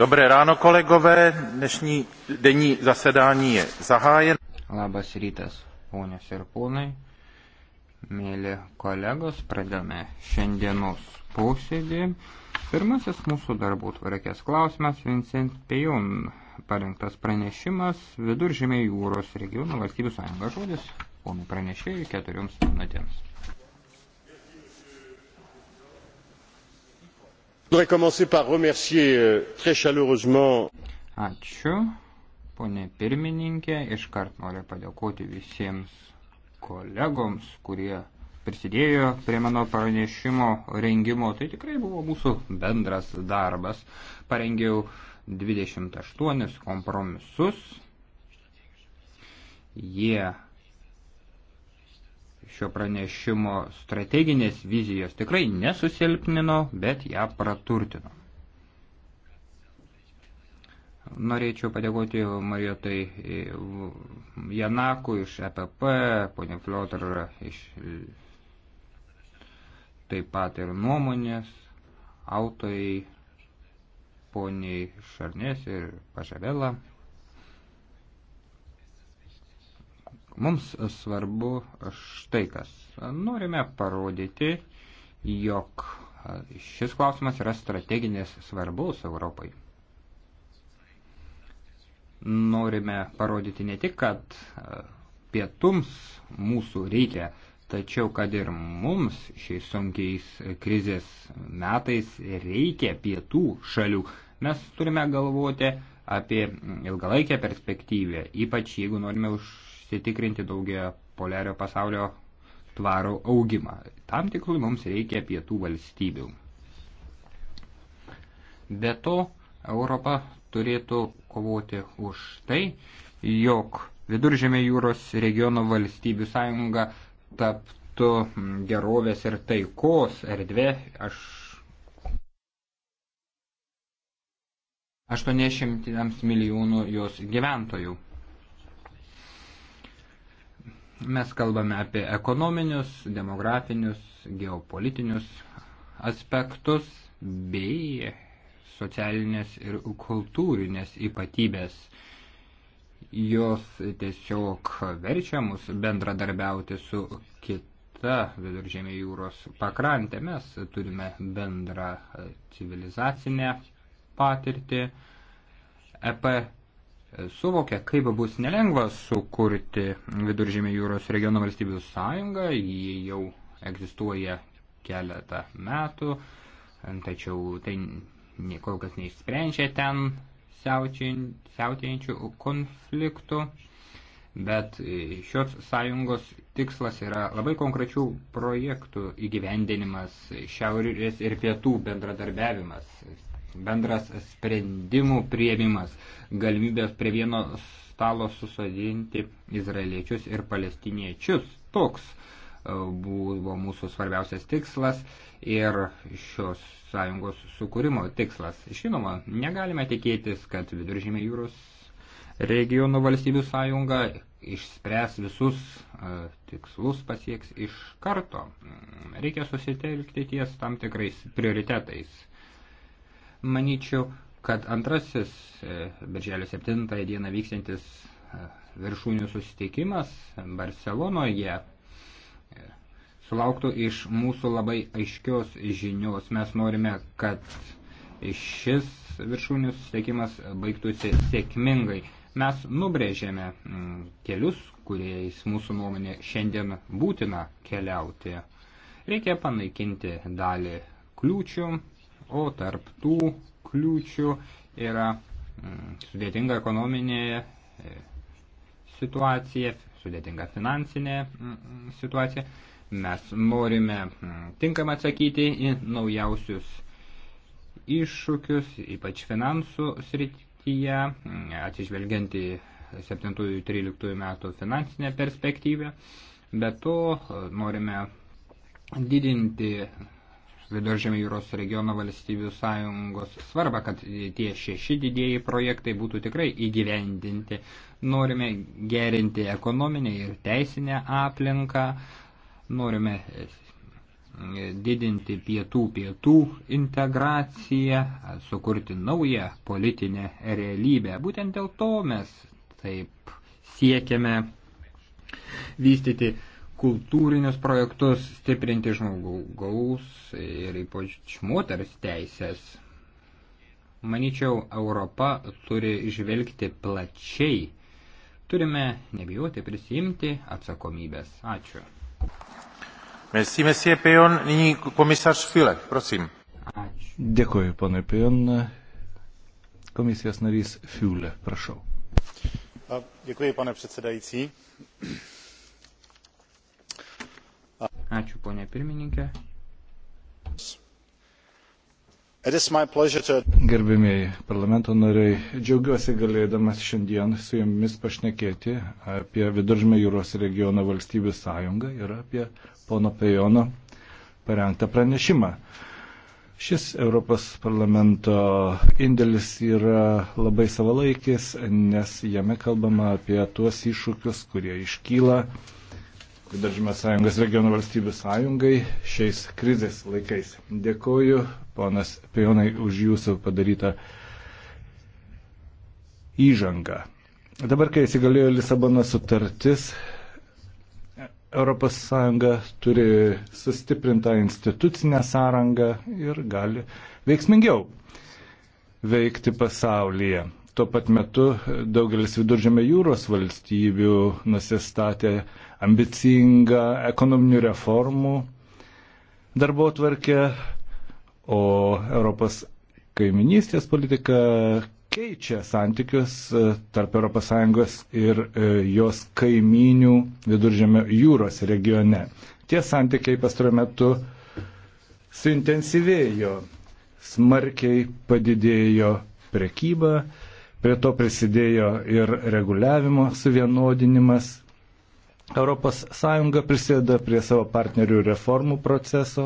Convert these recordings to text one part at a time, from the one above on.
Dobré ráno, kolegové. Dnešní denní zasedání je zahájen. Labas rytas, ponios ir ponai. Mėly kolegos, pradėjome šiandienos posėdį. Pirmasis mūsų darbų tvarkės klausimas Vincent Pejun. Parengtas pranešimas Viduržėmė jūros regiono valstybių sąjunga žodis. Ponų pranešėjai keturioms minutėms. voudrais commencer par remercier euh, très chaleureusement. Ačiū, ponė pirmininkė. Iškart noriu padėkoti visiems kolegoms, kurie prisidėjo prie mano pranešimo rengimo. Tai tikrai buvo mūsų bendras darbas. Parengiau 28 kompromisus. Jie yeah šio pranešimo strateginės vizijos tikrai nesusilpnino, bet ją praturtino. Norėčiau padėkoti Marijotai Janaku iš EPP, ponė Fliotar iš taip pat ir nuomonės, autoriai, poniai Šarnės ir Pažavela. Mums svarbu štai kas. Norime parodyti, jog šis klausimas yra strateginės svarbus Europai. Norime parodyti ne tik, kad e, pietums mūsų reikia, tačiau kad ir mums šiais sunkiais krizės metais reikia pietų šalių. Mes turime galvoti apie ilgalaikę perspektyvę, ypač jeigu norime už užsitikrinti daugia poliario pasaulio tvarų augimą. Tam tikrui mums reikia pietų valstybių. Be to, Europa turėtų kovoti už tai, jog Viduržėmė jūros regiono valstybių sąjunga taptų gerovės ir taikos erdvė. Aš 80 milijonų jos gyventojų. Mes kalbame apie ekonominius, demografinius, geopolitinius aspektus bei socialinės ir kultūrinės ypatybės. Jos tiesiog verčia mus bendradarbiauti su kita viduržėmė jūros pakrantė. Mes turime bendrą civilizacinę patirtį. EP suvokia, kaip bus nelengva sukurti viduržėmė jūros regiono valstybių sąjungą, jie jau egzistuoja keletą metų, tačiau tai kol kas neišsprendžia ten siautėjančių konfliktų, bet e, šios sąjungos tikslas yra labai konkrečių projektų įgyvendinimas, šiaurės ir pietų bendradarbiavimas, bendras sprendimų prieimimas, galimybės prie vieno stalo susodinti izraeliečius ir palestiniečius. Toks e, buvo mūsų svarbiausias tikslas ir šios sąjungos sukūrimo tikslas. Žinoma, negalime tikėtis, kad viduržymė jūros regionų valstybių sąjunga išspręs visus e, tikslus pasieks iš karto. Reikia susitelkti ties tam tikrais prioritetais. Maničiau, kad antrasis e, birželio 7 dieną vyksiantis e, viršūnių susitikimas Barcelonoje e, sulauktų iš mūsų labai aiškios žinios. Mes norime, kad šis viršūnių susitikimas baigtųsi sėkmingai. Mes nubrėžėme kelius, kuriais mūsų nuomonė šiandien būtina keliauti. Reikia panaikinti dalį kliūčių, o tarp tų kliūčių yra mm, sudėtinga ekonominė e, situacija, sudėtinga finansinė mm, situacija. Mes norime mm, tinkamai atsakyti į naujausius iššūkius, ypač finansų srityje, atsižvelgiant į 7-13 metų finansinę perspektyvę. Be to e, norime didinti Viduržėmio jūros regiono valstybių sąjungos svarbą, kad tie šeši didieji projektai būtų tikrai įgyvendinti. Norime gerinti ekonominę ir teisinę aplinką, norime e, didinti pietų-pietų integraciją, sukurti naują politinę realybę. Būtent dėl to mes taip siekiame vystyti kultūrinius projektus, stiprinti žmogaus ir ypač moters teisės. Maničiau, Europa turi žvelgti plačiai. Turime nebijoti prisimti atsakomybės. Ačiū. Merci, merci, Pejon. Nyní komisař File, prosím. Ačiū. Dėkuoju, pane Pejon. Komisijos narys Fiule, prašau. Děkuji, pane předsedající. Ačiū, ponė pirmininkė. Gerbimieji parlamento nariai, džiaugiuosi galėdamas šiandien su jumis pašnekėti apie Viduržmė jūros regiono valstybių sąjungą ir apie pono Pejono parengtą pranešimą. Šis Europos parlamento indėlis yra labai savalaikis, nes jame kalbama apie tuos iššūkius, kurie iškyla Vidaržymės sąjungos regionų valstybių sąjungai šiais krizės laikais. Dėkoju, ponas Pionai, už jūsų padarytą įžangą. Dabar, kai įsigalėjo Lisabono sutartis, ES turi sustiprintą institucinę sąrangą ir gali veiksmingiau veikti pasaulyje. Tuo pat metu daugelis viduržėme jūros valstybių nusistatė ambicingą ekonominių reformų darbo tvarkę, o Europos kaiminystės politika keičia santykius e, tarp ES ir e, jos kaiminių viduržėme jūros regione. Tie santykiai pastaruoju metu suintensyvėjo, smarkiai padidėjo prekyba, Prie to prisidėjo ir reguliavimo suvienodinimas. ES prisideda prie savo partnerių reformų proceso.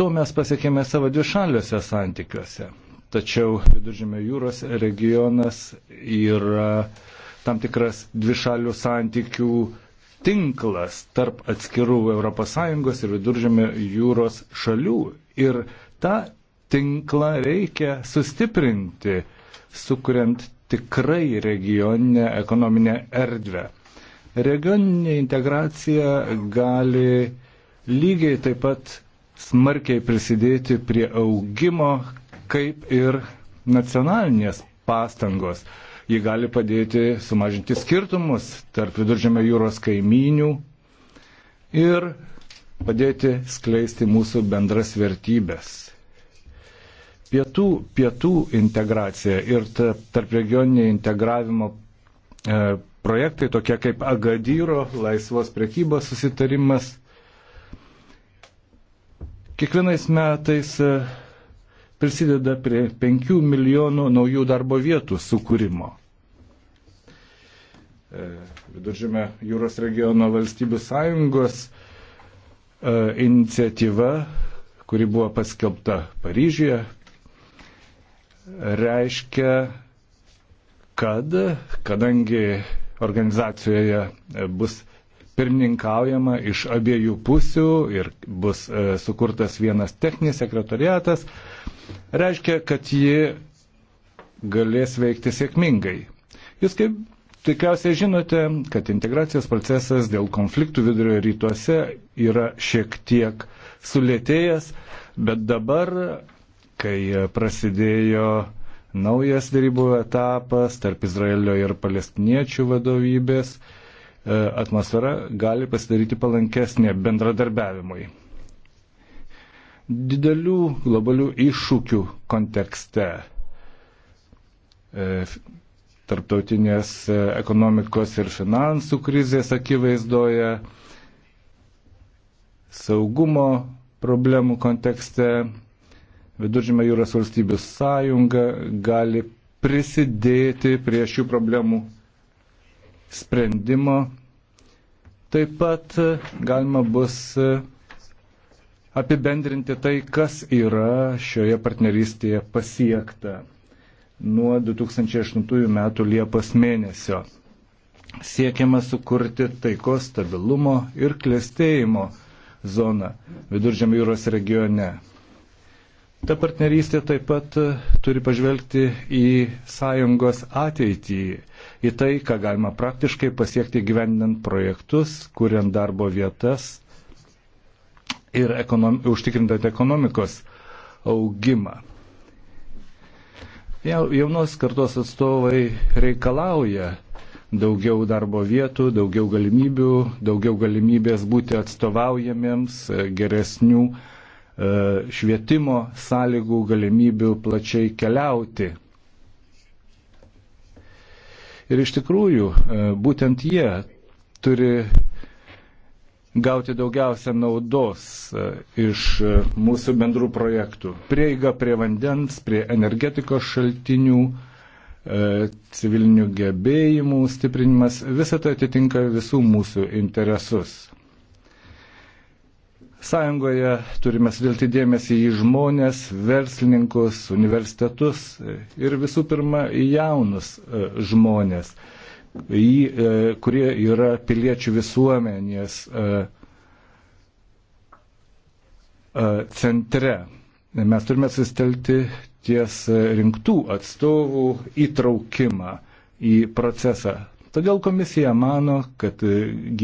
To mes pasiekėme savo dvišaliuose santykiuose. Tačiau Viduržėmio jūros regionas yra tam tikras dvišalių santykių tinklas tarp atskirų ES ir Viduržėmio jūros šalių. Ir tą tinklą reikia sustiprinti, sukuriant tikrai regioninę ekonominę erdvę. Regioninė integracija gali lygiai taip pat smarkiai prisidėti prie augimo, kaip ir nacionalinės pastangos. Ji gali padėti sumažinti skirtumus tarp viduržėmio jūros kaimynių ir padėti skleisti mūsų bendras vertybės pietų, pietų integracija ir tarp regioninė integravimo e, projektai, tokie kaip Agadyro laisvos prekybos susitarimas. Kiekvienais metais e, prisideda prie 5 milijonų naujų darbo vietų sukūrimo. E, Viduržėme jūros regiono valstybių sąjungos e, iniciatyva kuri buvo paskelbta Paryžyje reiškia, kad kadangi organizacijoje bus pirmininkaujama iš abiejų pusių ir bus e, sukurtas vienas techninis sekretariatas, reiškia, kad ji galės veikti sėkmingai. Jūs kaip tikriausiai žinote, kad integracijos procesas dėl konfliktų vidurio rytuose yra šiek tiek sulėtėjęs, bet dabar kai prasidėjo naujas darybų etapas tarp Izraelio ir palestiniečių vadovybės, e, atmosfera gali pasidaryti palankesnė bendradarbiavimui. Didelių globalių iššūkių kontekste e, tarptautinės ekonomikos ir finansų krizės akivaizdoje, saugumo problemų kontekste Viduržymė jūros valstybių sąjunga gali prisidėti prie šių problemų sprendimo. Taip pat galima bus apibendrinti tai, kas yra šioje partnerystėje pasiekta nuo 2008 metų Liepos mėnesio. Siekiama sukurti taikos stabilumo ir klėstėjimo zoną Viduržėmio jūros regione. Ta partnerystė taip pat e, turi pažvelgti į sąjungos ateitį, į tai, ką galima praktiškai pasiekti gyvendinant projektus, kuriant darbo vietas ir ekonom, užtikrintant ekonomikos augimą. Jaunos kartos atstovai reikalauja daugiau darbo vietų, daugiau galimybių, daugiau galimybės būti atstovaujamiems, e, geresnių E, švietimo sąlygų, galimybių plačiai keliauti. Ir iš tikrųjų, e, būtent jie turi gauti daugiausia naudos e, iš mūsų bendrų projektų. Prieiga prie vandens, prie energetikos šaltinių, civilinių gebėjimų stiprinimas, visą tai atitinka visų mūsų interesus. Sąjungoje turime svilti dėmesį į žmonės, verslininkus, universitetus ir visų pirma į jaunus e, žmonės, į, e, kurie yra piliečių visuomenės e, centre. Mes turime sustelti ties rinktų atstovų įtraukimą į procesą. Todėl komisija mano, kad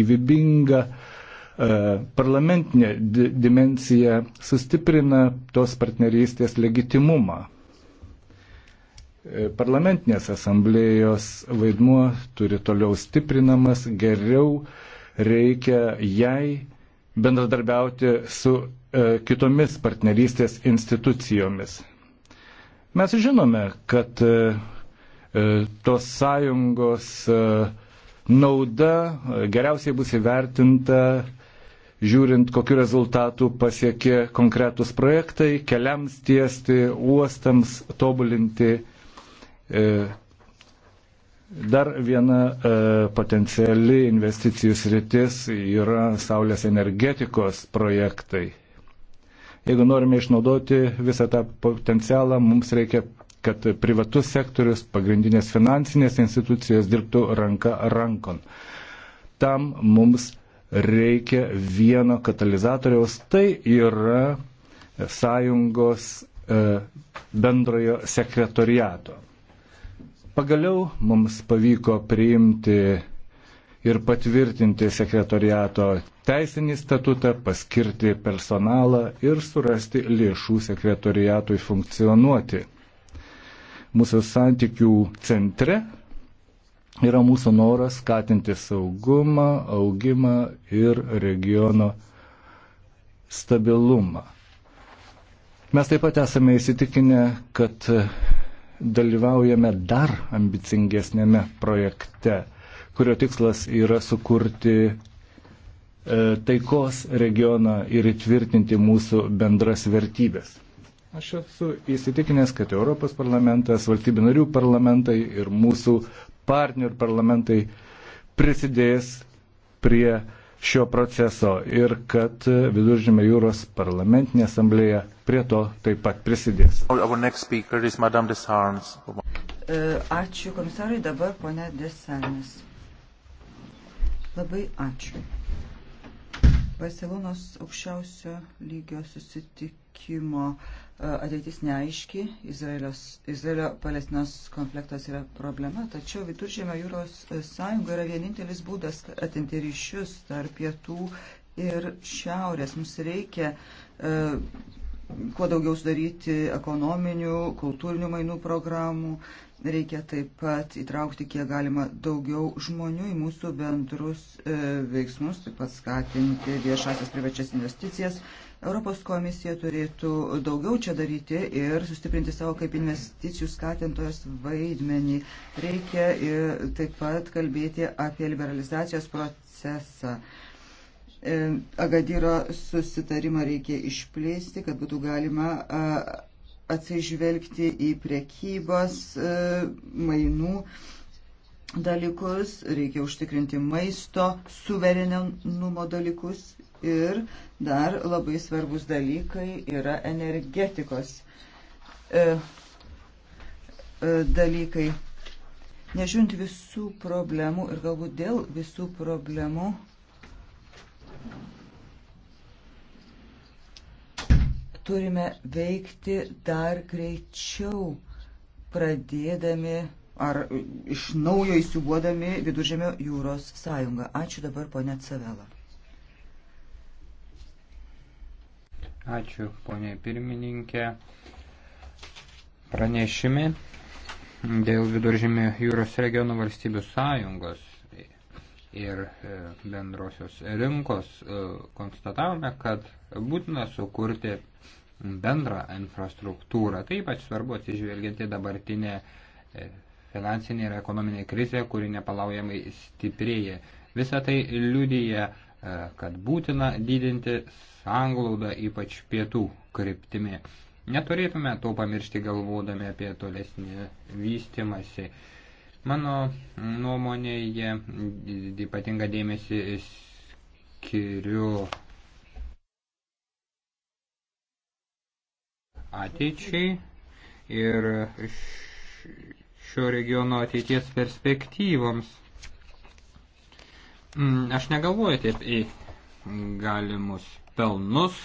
gyvybinga uh, E, parlamentinė dimencija sustiprina tos partnerystės legitimumą. E, parlamentinės asamblėjos vaidmuo turi toliau stiprinamas, geriau reikia jai bendradarbiauti su e, kitomis partnerystės institucijomis. Mes žinome, kad e, e tos sąjungos e, nauda geriausiai bus įvertinta e, žiūrint, kokiu rezultatu pasiekė konkretus projektai keliams tiesti, uostams tobulinti. E, dar viena e, potenciali investicijų sritis yra saulės energetikos projektai. Jeigu norime išnaudoti visą tą potencialą, mums reikia kad privatus sektorius, pagrindinės finansinės institucijos dirbtų ranka rankon. Tam mums reikia vieno katalizatoriaus, tai yra sąjungos e, bendrojo sekretoriato. Pagaliau mums pavyko priimti ir patvirtinti sekretoriato teisinį statutą, paskirti personalą ir surasti lėšų sekretoriatui funkcionuoti. Mūsų santykių centre yra mūsų noras skatinti saugumą, augimą ir regiono stabilumą. Mes taip pat esame įsitikinę, kad dalyvaujame dar ambicingesnėme projekte, kurio tikslas yra sukurti e, taikos regioną ir įtvirtinti mūsų bendras vertybės. Aš esu įsitikinęs, kad Europos parlamentas, valstybių narių parlamentai ir mūsų partnerių parlamentai prisidės prie šio proceso ir kad Viduržymė jūros parlamentinė asamblėja prie to taip pat prisidės. E, ačiū komisarai, dabar ponia Desanis. Labai ačiū. Barcelonos aukščiausio lygio susitik veikimo e, ateitis neaiški, Izraelio-Palestinos konfliktas yra problema, tačiau Viduržėmio jūros e, sąjunga yra vienintelis būdas atinti ryšius tarp pietų ir šiaurės. Mums reikia e, kuo daugiau sudaryti ekonominių, kultūrinių mainų programų, Reikia taip pat įtraukti kiek galima daugiau žmonių į mūsų bendrus e, veiksmus, taip pat skatinti viešasias privačias investicijas. Europos komisija turėtų daugiau čia daryti ir sustiprinti savo kaip investicijų skatintojos vaidmenį. Reikia e, taip pat kalbėti apie liberalizacijos procesą. E, Agadyro susitarimą reikia išplėsti, kad būtų galima. E, atsižvelgti į priekybos e, mainų dalykus, reikia užtikrinti maisto suverenumo dalykus ir dar labai svarbus dalykai yra energetikos e, e, dalykai. Nežiūrint visų problemų ir galbūt dėl visų problemų Turime veikti dar greičiau, pradėdami ar iš naujo įsiubuodami Viduržėmio jūros sąjungą. Ačiū dabar, ponė Cavela. Ačiū, ponė pirmininkė. Pranešime dėl Viduržėmio jūros regiono valstybių sąjungos ir e, bendrosios rinkos e, konstatavome, kad būtina sukurti bendrą infrastruktūrą. Tai ypač svarbu atsižvelgiant į dabartinę e, finansinę ir ekonominę krizę, kuri nepalaujamai stiprėja. Visą tai liudyje, kad būtina didinti sanglaudą ypač pietų kryptimi. Neturėtume to pamiršti galvodami apie tolesnį vystimąsi. Mano nuomonėje ypatinga dėmesį skiriu ateičiai ir šio regiono ateities perspektyvoms. Mm, aš negalvoju taip į galimus pelnus,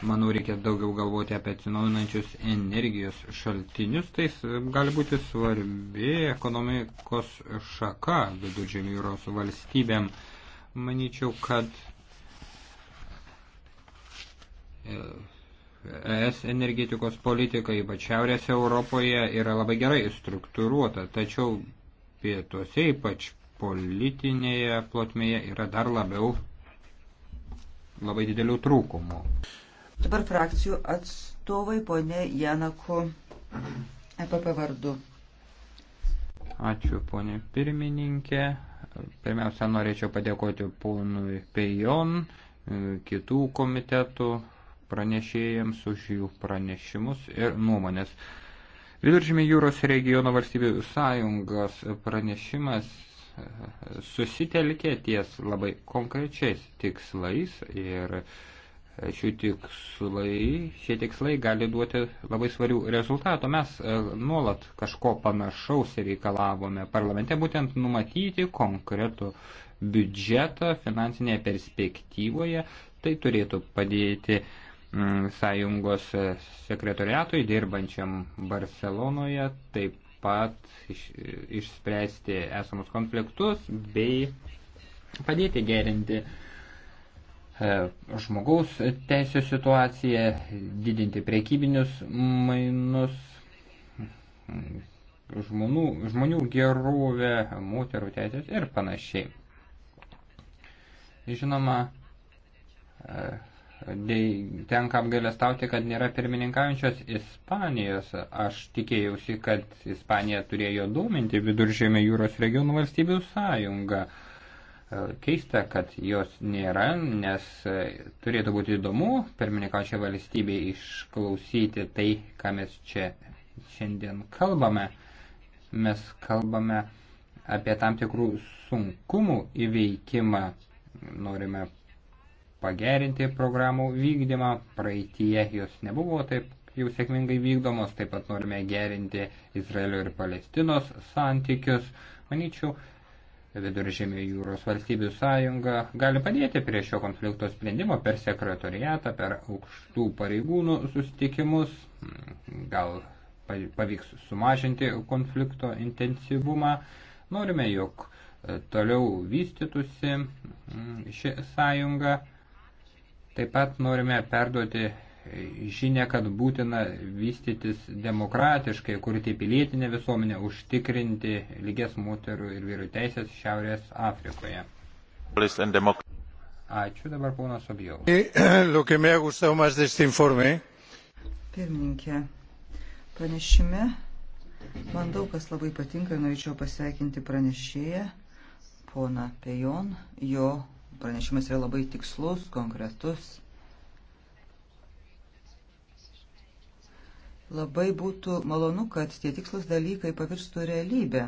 Manau, reikia daugiau galvoti apie atsinaujinančius energijos šaltinius. Tai gali būti svarbi ekonomikos šaka viduržėmio jūros valstybėm. Manyčiau, kad e, ES energetikos politika, ypač Šiaurės Europoje, yra labai gerai struktūruota, tačiau pietuose, ypač politinėje plotmėje, yra dar labiau labai didelių trūkumų. Dabar frakcijų atstovai ponė Janaku EPP vardu. Ačiū ponė pirmininkė. Pirmiausia, norėčiau padėkoti ponui Pejon, kitų komitetų pranešėjams už jų pranešimus ir nuomonės. Viduržymė jūros regiono valstybių sąjungos pranešimas e, susitelkė ties labai konkrečiais tikslais ir uh, šių tikslai, šie tikslai gali duoti labai svarių rezultatų. Mes e, nuolat kažko panašaus reikalavome parlamente, būtent numatyti konkretų biudžetą finansinėje perspektyvoje. Tai turėtų padėti mm, sąjungos e, sekretoriatui dirbančiam Barcelonoje, taip pat iš, išspręsti esamus konfliktus bei padėti gerinti uh, E, žmogaus teisų situaciją, didinti priekybinius mainus, žmonių, žmonių gerovę, moterų teisės ir panašiai. Žinoma, e, tenka apgailestauti, kad nėra pirmininkaujančios Ispanijos. Aš tikėjausi, kad Ispanija turėjo dominti viduržėmė jūros regionų valstybių sąjungą. E, keista, kad jos nėra, nes e, turėtų būti įdomu pirmininkaučia valstybė išklausyti tai, ką mes čia šiandien kalbame. Mes kalbame apie tam tikrų sunkumų įveikimą. Norime pagerinti programų vykdymą. Praeitie jos nebuvo taip jau sėkmingai vykdomos. Taip pat norime gerinti Izraelio ir Palestinos santykius. Manyčiau, Viduržėmio jūros valstybių sąjunga gali padėti prie šio konflikto sprendimo per sekretoriatą, per aukštų pareigūnų susitikimus, gal pavyks sumažinti konflikto intensyvumą. Norime, jog e, toliau vystytųsi ši sąjunga. Taip pat norime perduoti žinia, kad būtina vystytis demokratiškai, kurti pilietinę visuomenę, užtikrinti lygias moterų ir vyrų teisės Šiaurės Afrikoje. Ačiū dabar, ponas Objau. Eh, Pirmininkė, pranešime man daug kas labai patinka ir norėčiau pasveikinti pranešėją, poną Pejon. Jo pranešimas yra labai tikslus, konkretus Labai būtų malonu, kad tie tikslus dalykai pavirstų realybę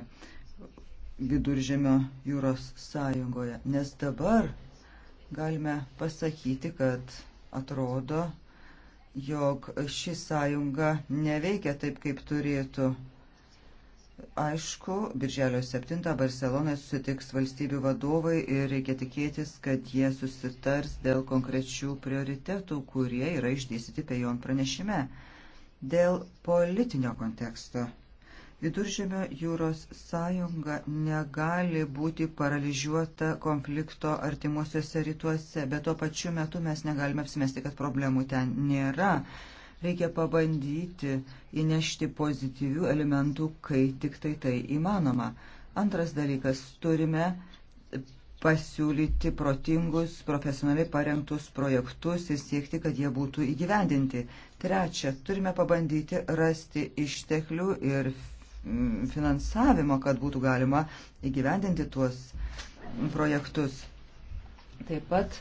viduržėmio jūros sąjungoje, nes dabar galime pasakyti, kad atrodo, jog ši sąjunga neveikia taip, kaip turėtų. Aišku, Birželio 7 Barcelonoje susitiks valstybių vadovai ir reikia tikėtis, kad jie susitars dėl konkrečių prioritetų, kurie yra išdėstyti Pejon pranešime. Dėl politinio konteksto. Viduržėmio jūros sąjunga negali būti paralyžiuota konflikto artimuosiuose rytuose, bet tuo pačiu metu mes negalime apsimesti, kad problemų ten nėra. Reikia pabandyti įnešti pozityvių elementų, kai tik tai tai įmanoma. Antras dalykas, turime pasiūlyti protingus, profesionaliai parengtus projektus ir siekti, kad jie būtų įgyvendinti. Trečia, turime pabandyti rasti išteklių ir mm, finansavimo, kad būtų galima įgyvendinti tuos projektus. Taip pat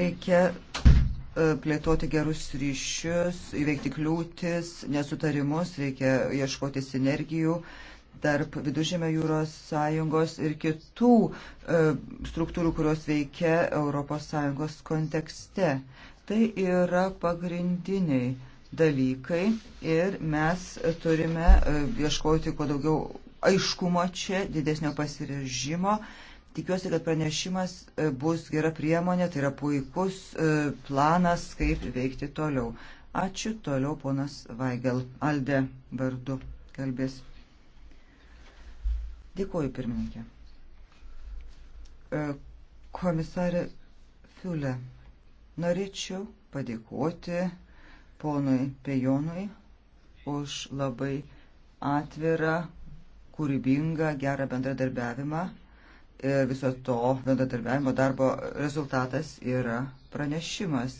reikia e, plėtoti gerus ryšius, įveikti kliūtis, nesutarimus, reikia ieškoti sinergijų tarp Vidužėmio jūros sąjungos ir kitų e, struktūrų, kurios veikia ES kontekste. Tai yra pagrindiniai dalykai ir mes turime e, ieškoti kuo daugiau aiškumo čia, didesnio pasirežimo. Tikiuosi, kad pranešimas e, bus gera priemonė, tai yra puikus planas, kaip veikti toliau. Ačiū toliau, ponas Vaigel, Alde vardu kalbės. Dėkuoju, pirmininkė. E, komisarė Fiulė, norėčiau padėkoti ponui Pejonui už labai atvirą, kūrybingą, gerą bendradarbiavimą. Ir viso to bendradarbiavimo darbo rezultatas yra pranešimas.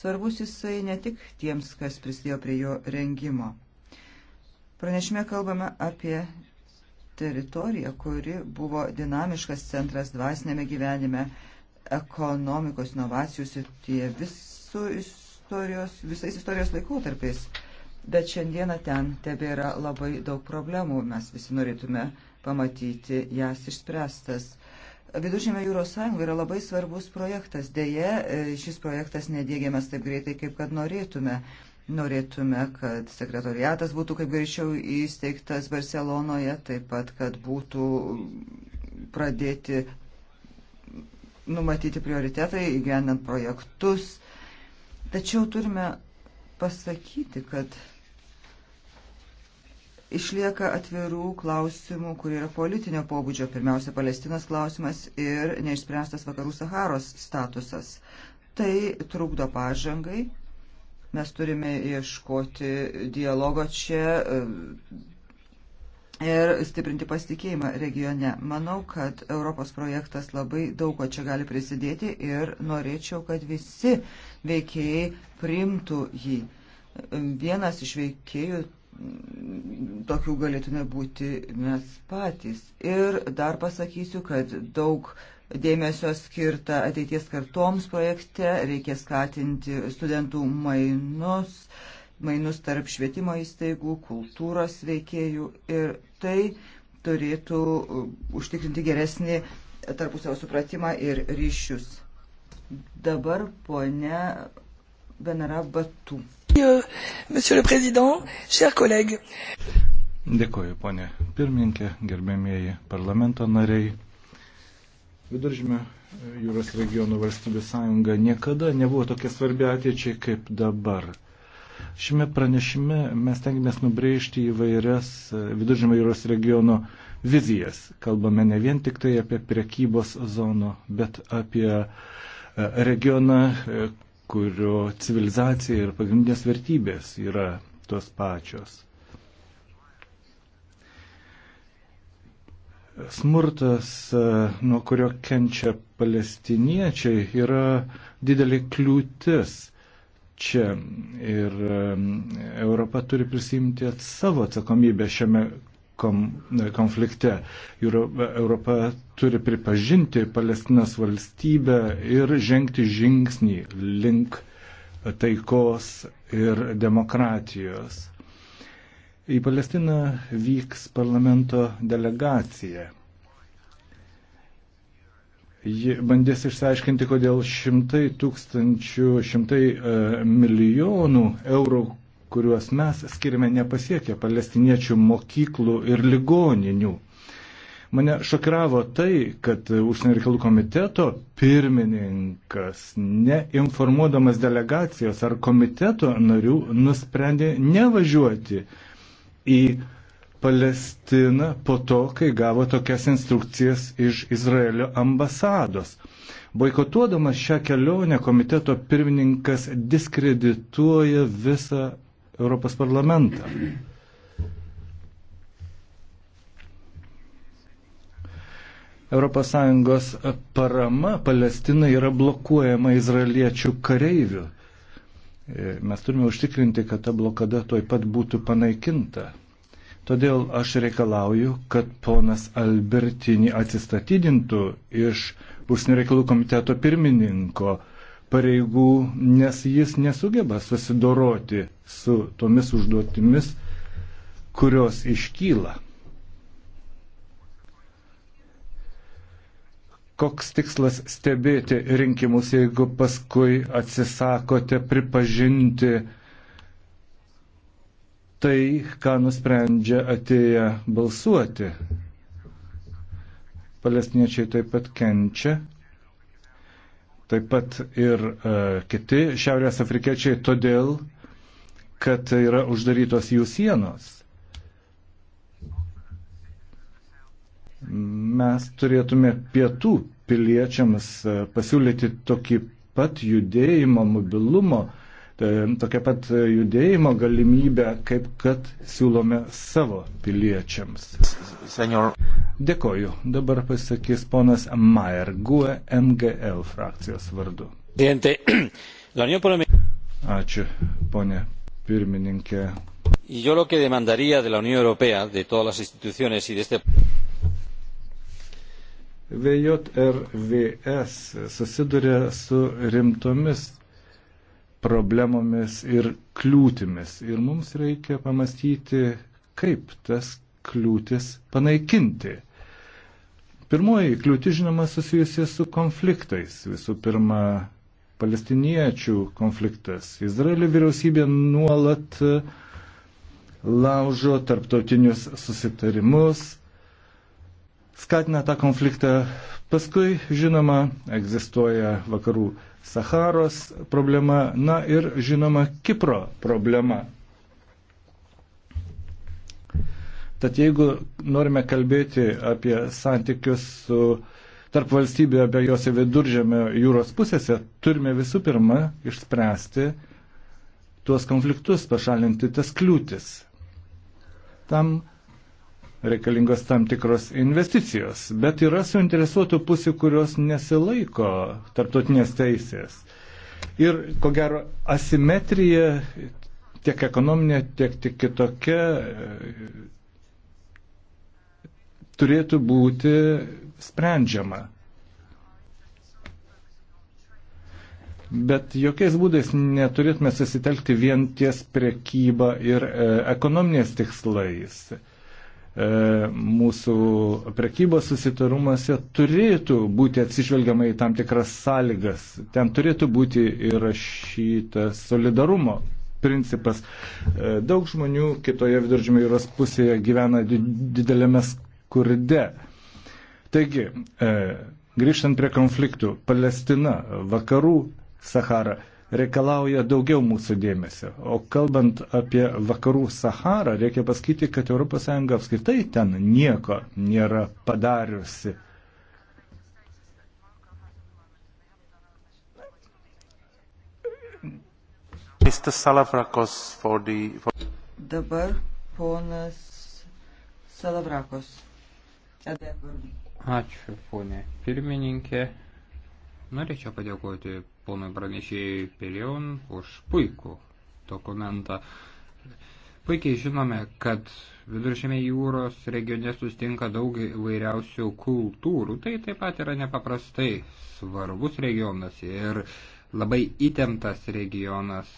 Svarbus jisai ne tik tiems, kas prisidėjo prie jo rengimo. Pranešime kalbame apie teritorija, kuri buvo dinamiškas centras dvasinėme gyvenime, ekonomikos inovacijų srityje visų istorijos, visais istorijos laikotarpiais. Bet šiandieną ten tebėra labai daug problemų, mes visi norėtume pamatyti jas išspręstas. Viduržėmio jūros sąjunga yra labai svarbus projektas. Deja, šis projektas nedėgiamas taip greitai, kaip kad norėtume. Norėtume, kad sekretoriatas būtų kaip greičiau įsteigtas Barcelonoje, taip pat, kad būtų pradėti numatyti prioritetai, įgyvendant projektus. Tačiau turime pasakyti, kad išlieka atvirų klausimų, kur yra politinio pobūdžio, pirmiausia, Palestinos klausimas ir neišspręstas vakarų Saharos statusas. Tai trukdo pažangai Mes turime ieškoti dialogo čia e, ir stiprinti pasitikėjimą regione. Manau, kad Europos projektas labai daug ko čia gali prisidėti ir norėčiau, kad visi veikėjai primtų jį. Vienas iš veikėjų tokių galėtume būti mes patys. Ir dar pasakysiu, kad daug dėmesio skirta ateities kartoms projekte, reikia skatinti studentų mainus, mainus tarp švietimo įstaigų, kultūros veikėjų ir tai turėtų uh, užtikrinti geresnį tarpusavio supratimą ir ryšius. Dabar ponia Benara Batu. Monsieur le Président, chers collègues. Dėkuoju, ponė pirmininkė, gerbėmieji parlamento nariai. Viduržymio e, jūros regiono valstybių sąjunga niekada nebuvo tokia svarbi ateičiai kaip dabar. Šiame pranešime mes tengiamės nubrėžti įvairias e, viduržymio jūros regiono vizijas. Kalbame ne vien tik tai apie prekybos zoną, bet apie e, regioną, kurio civilizacija ir pagrindinės vertybės yra tos pačios. Smurtas, e, nuo kurio kenčia palestiniečiai, yra didelė kliūtis čia ir e, Europa turi prisimti savo atsakomybę šiame konflikte. Europa turi pripažinti Palestinos valstybę ir žengti žingsnį link taikos ir demokratijos. Į Palestiną vyks parlamento delegacija. Ji bandės išsiaiškinti, kodėl šimtai tūkstančių, šimtai e, milijonų eurų, kuriuos mes skirime, nepasiekia palestiniečių mokyklų ir ligoninių. Mane šokiravo tai, kad užsienio reikalų komiteto pirmininkas, neinformuodamas delegacijos ar komiteto narių, nusprendė nevažiuoti į Palestiną po to, kai gavo tokias instrukcijas iš Izraelio ambasados. Boikotuodamas šią kelionę komiteto pirmininkas diskredituoja visą Europos parlamentą. ES parama Palestinai yra blokuojama izraeliečių kareivių. E, mes turime užtikrinti, kad ta blokada toj pat būtų panaikinta. Todėl aš reikalauju, kad ponas Albertini atsistatydintų iš užsienio reikalų komiteto pirmininko pareigų, nes jis nesugeba susidoroti su tomis užduotimis, kurios iškyla. koks tikslas stebėti rinkimus, jeigu paskui atsisakote pripažinti tai, ką nusprendžia atėję balsuoti. Palestiniečiai taip pat kenčia, taip pat ir e, kiti šiaurės afrikiečiai todėl, kad yra uždarytos jų sienos. mes turėtume pietų piliečiams e, pasiūlyti tokį pat judėjimo, mobilumo, e, tokią pat judėjimo galimybę, kaip kad siūlome savo piliečiams. Senior. Dėkoju. Dabar pasakys ponas Maier, GUE NGL frakcijos vardu. Ačiū, ponė pirmininkė. Y yo lo que demandaría de la Unión Europea, de todas las instituciones y de este. VJRVS susiduria su rimtomis problemomis ir kliūtimis. Ir mums reikia pamastyti, kaip tas kliūtis panaikinti. Pirmoji kliūtis, žinoma, susijusi su konfliktais. Visų pirma, palestiniečių konfliktas. Izraelio vyriausybė nuolat e, laužo tarptautinius susitarimus, skatina tą konfliktą. Paskui, žinoma, egzistuoja vakarų Saharos problema, na ir, žinoma, Kipro problema. Tad jeigu norime kalbėti apie santykius su tarp valstybių abiejose viduržėmio jūros pusėse, turime visų pirma išspręsti tuos konfliktus, pašalinti tas kliūtis. Tam reikalingos tam tikros investicijos, bet yra suinteresuotų pusių, kurios nesilaiko tarptautinės teisės. Ir ko gero asimetrija tiek ekonominė, tiek, tiek kitokia turėtų būti sprendžiama. Bet jokiais būdais neturėtume susitelkti vien ties priekyba ir e, ekonominiais tikslais. E, E, mūsų prekybos susitarimuose turėtų būti atsižvelgiama į tam tikras sąlygas. Ten turėtų būti įrašytas solidarumo principas. E, daug žmonių kitoje viduržymio jūros pusėje gyvena didelėme skurde. Taigi, e, grįžtant prie konfliktų, Palestina, vakarų Sahara reikalauja daugiau mūsų dėmesio. O kalbant apie vakarų Saharą, reikia pasakyti, kad ES apskritai ten nieko nėra padariusi. Dabar ponas Salavrakos. Ačiū, ponė pirmininkė. Norėčiau padėkoti ponui pranešėjui Pirion už puikų dokumentą. Puikiai žinome, kad viduržėme jūros regione sustinka daug įvairiausių kultūrų. Tai taip pat yra nepaprastai svarbus regionas ir labai įtemptas regionas.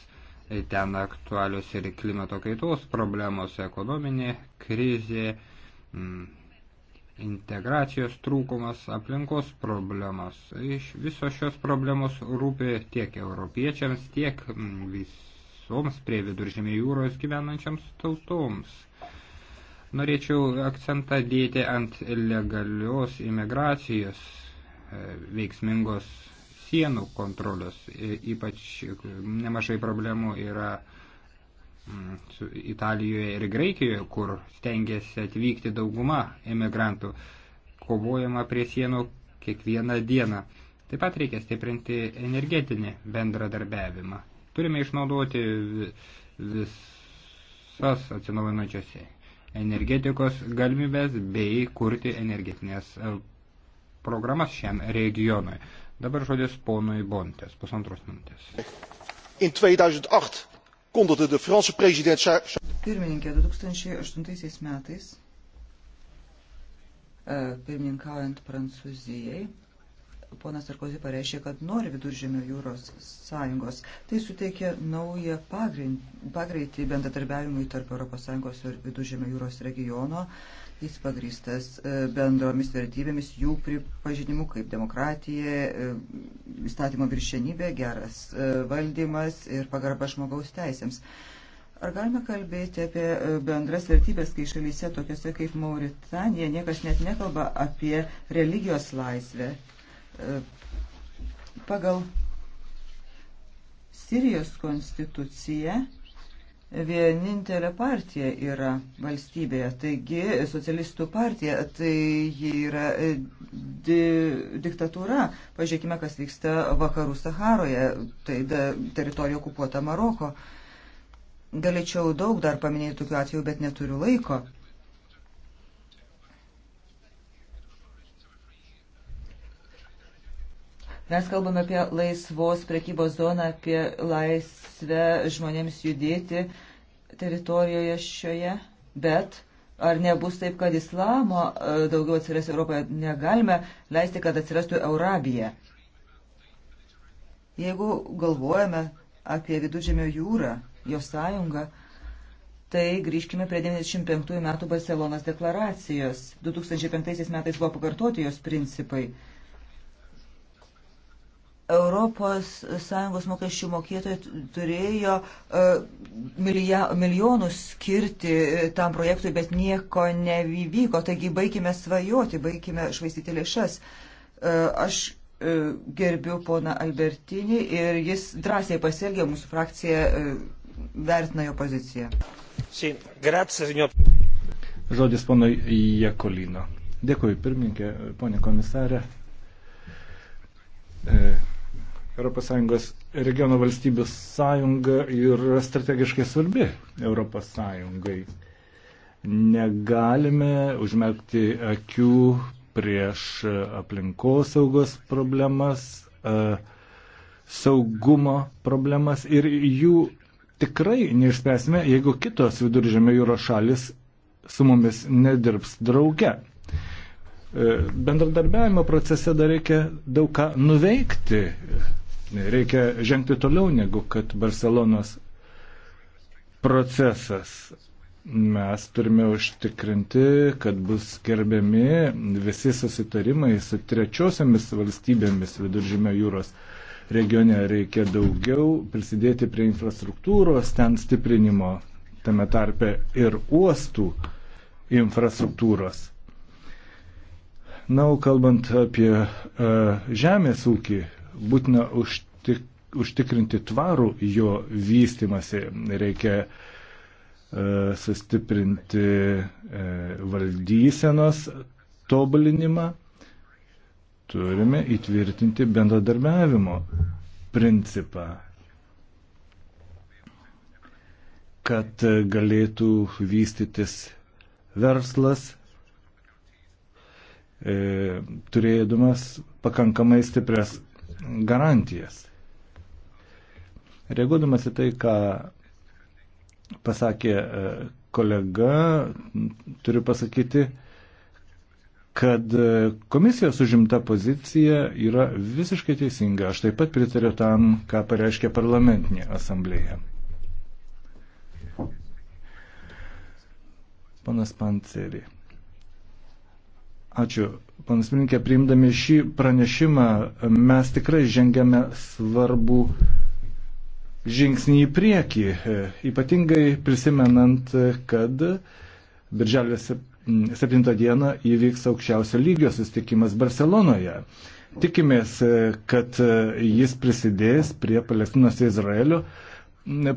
Ten aktualios ir klimato kaitos problemos, ekonominė krizė, mm, integracijos trūkumas, aplinkos problemos. Iš visos šios problemos rūpi tiek europiečiams, tiek mm, visoms prie viduržėmė jūros gyvenančiams tautoms. Norėčiau akcentą dėti ant legalios imigracijos, e, veiksmingos sienų kontrolės. E, ypač e, nemažai problemų yra Mm, Italijoje ir Graikijoje, kur stengiasi atvykti dauguma emigrantų. Kovojama prie sienų kiekvieną dieną. Taip pat reikia stiprinti energetinį bendradarbiavimą. Turime išnaudoti visas atsinaujinančios energetikos galimybės bei kurti energetinės e, programas šiam regionui. Dabar žodis ponui Bontės, pusantros minutės. In 2008 kondigde de Franse president. Pirmininkė 2008 metais, e, pirmininkaujant Prancūzijai, ponas Sarkozy pareiškė, kad nori viduržėmio jūros sąjungos. Tai suteikė naują pagreitį bendradarbiavimui tarp ES ir viduržėmio jūros regiono jis pagrįstas e, bendromis vertybėmis, jų pripažinimu kaip demokratija, e, įstatymo viršenybė, geras e, valdymas ir pagarba žmogaus teisėms. Ar galime kalbėti apie bendras vertybės, kai šalyse tokiuose kaip Mauritanija niekas net nekalba apie religijos laisvę? Pagal Sirijos konstituciją vienintelė partija yra valstybėje. Taigi, socialistų partija, tai ji yra e, di diktatūra. Pažiūrėkime, kas vyksta vakarų Saharoje, tai da, teritorija okupuota Maroko. Galėčiau daug dar paminėti tokių atvejų, bet neturiu laiko. Mes kalbame apie laisvos prekybos zoną, apie laisvę žmonėms judėti teritorijoje šioje, bet ar nebus taip, kad islamo e, daugiau atsiras Europoje, negalime leisti, kad atsirastų Eurabija. Jeigu galvojame apie Vidužėmio jūrą, jos sąjungą, tai grįžkime prie 95 metų Barcelonas deklaracijos. 2005 metais buvo pakartoti jos principai. ES mokesčių mokėtojai turėjo e, milijonus skirti e, tam projektui, bet nieko nevyko. Taigi baigime svajoti, baigime švaistyti lėšas. E, aš gerbiu poną Albertinį ir jis drąsiai pasielgė, mūsų frakcija vertina jo poziciją. Žodis ponui Jekolino. Dėkui, pirmininkė, ponė komisarė. E ES regiono valstybių sąjunga yra strategiškai svarbi ES. Negalime užmerkti akių prieš aplinkosaugos problemas, e, saugumo problemas ir jų tikrai neišspręsime, jeigu kitos viduržėmio jūros šalis su mumis nedirbs drauge e, bendradarbiavimo procese dar reikia daug ką nuveikti. Reikia žengti toliau negu kad Barcelonos procesas. Mes turime užtikrinti, kad bus gerbiami visi susitarimai su trečiosiamis valstybėmis viduržymio jūros regione. Reikia daugiau prisidėti prie infrastruktūros ten stiprinimo, tame tarpe ir uostų infrastruktūros. Na, o kalbant apie e, žemės ūkį, būtina užtik, užtikrinti tvarų jo vystimasi, reikia e, sustiprinti e, valdysenos tobulinimą, turime įtvirtinti bendradarbiavimo principą, kad galėtų vystytis verslas, e, turėdamas pakankamai stiprias garantijas. Reaguodamas į tai, ką pasakė e, kolega, turiu pasakyti, kad e, komisijos užimta pozicija yra visiškai teisinga. Aš taip pat pritariu tam, ką pareiškė parlamentinė asamblėje. Panas Pancerį. Ačiū. Panas Mininkė, priimdami šį pranešimą mes tikrai žengėme svarbų žingsnį į priekį, ypatingai prisimenant, kad Birželio 7 dieną įvyks aukščiausio lygio sustikimas Barcelonoje. Tikimės, kad jis prisidės prie Palestinos ir Izraelio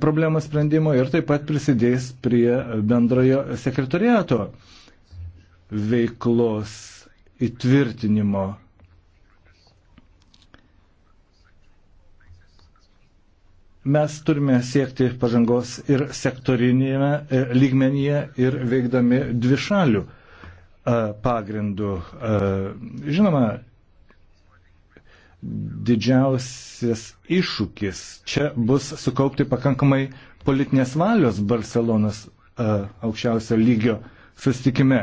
problemos sprendimo ir taip pat prisidės prie bendrojo sekretoriato veiklos įtvirtinimo. Mes turime siekti pažangos ir sektorinėme e, lygmenyje ir veikdami dvišalių e, pagrindų. E, žinoma, didžiausias iššūkis čia bus sukaupti pakankamai politinės valios Barcelonas aukščiausio lygio sustikime.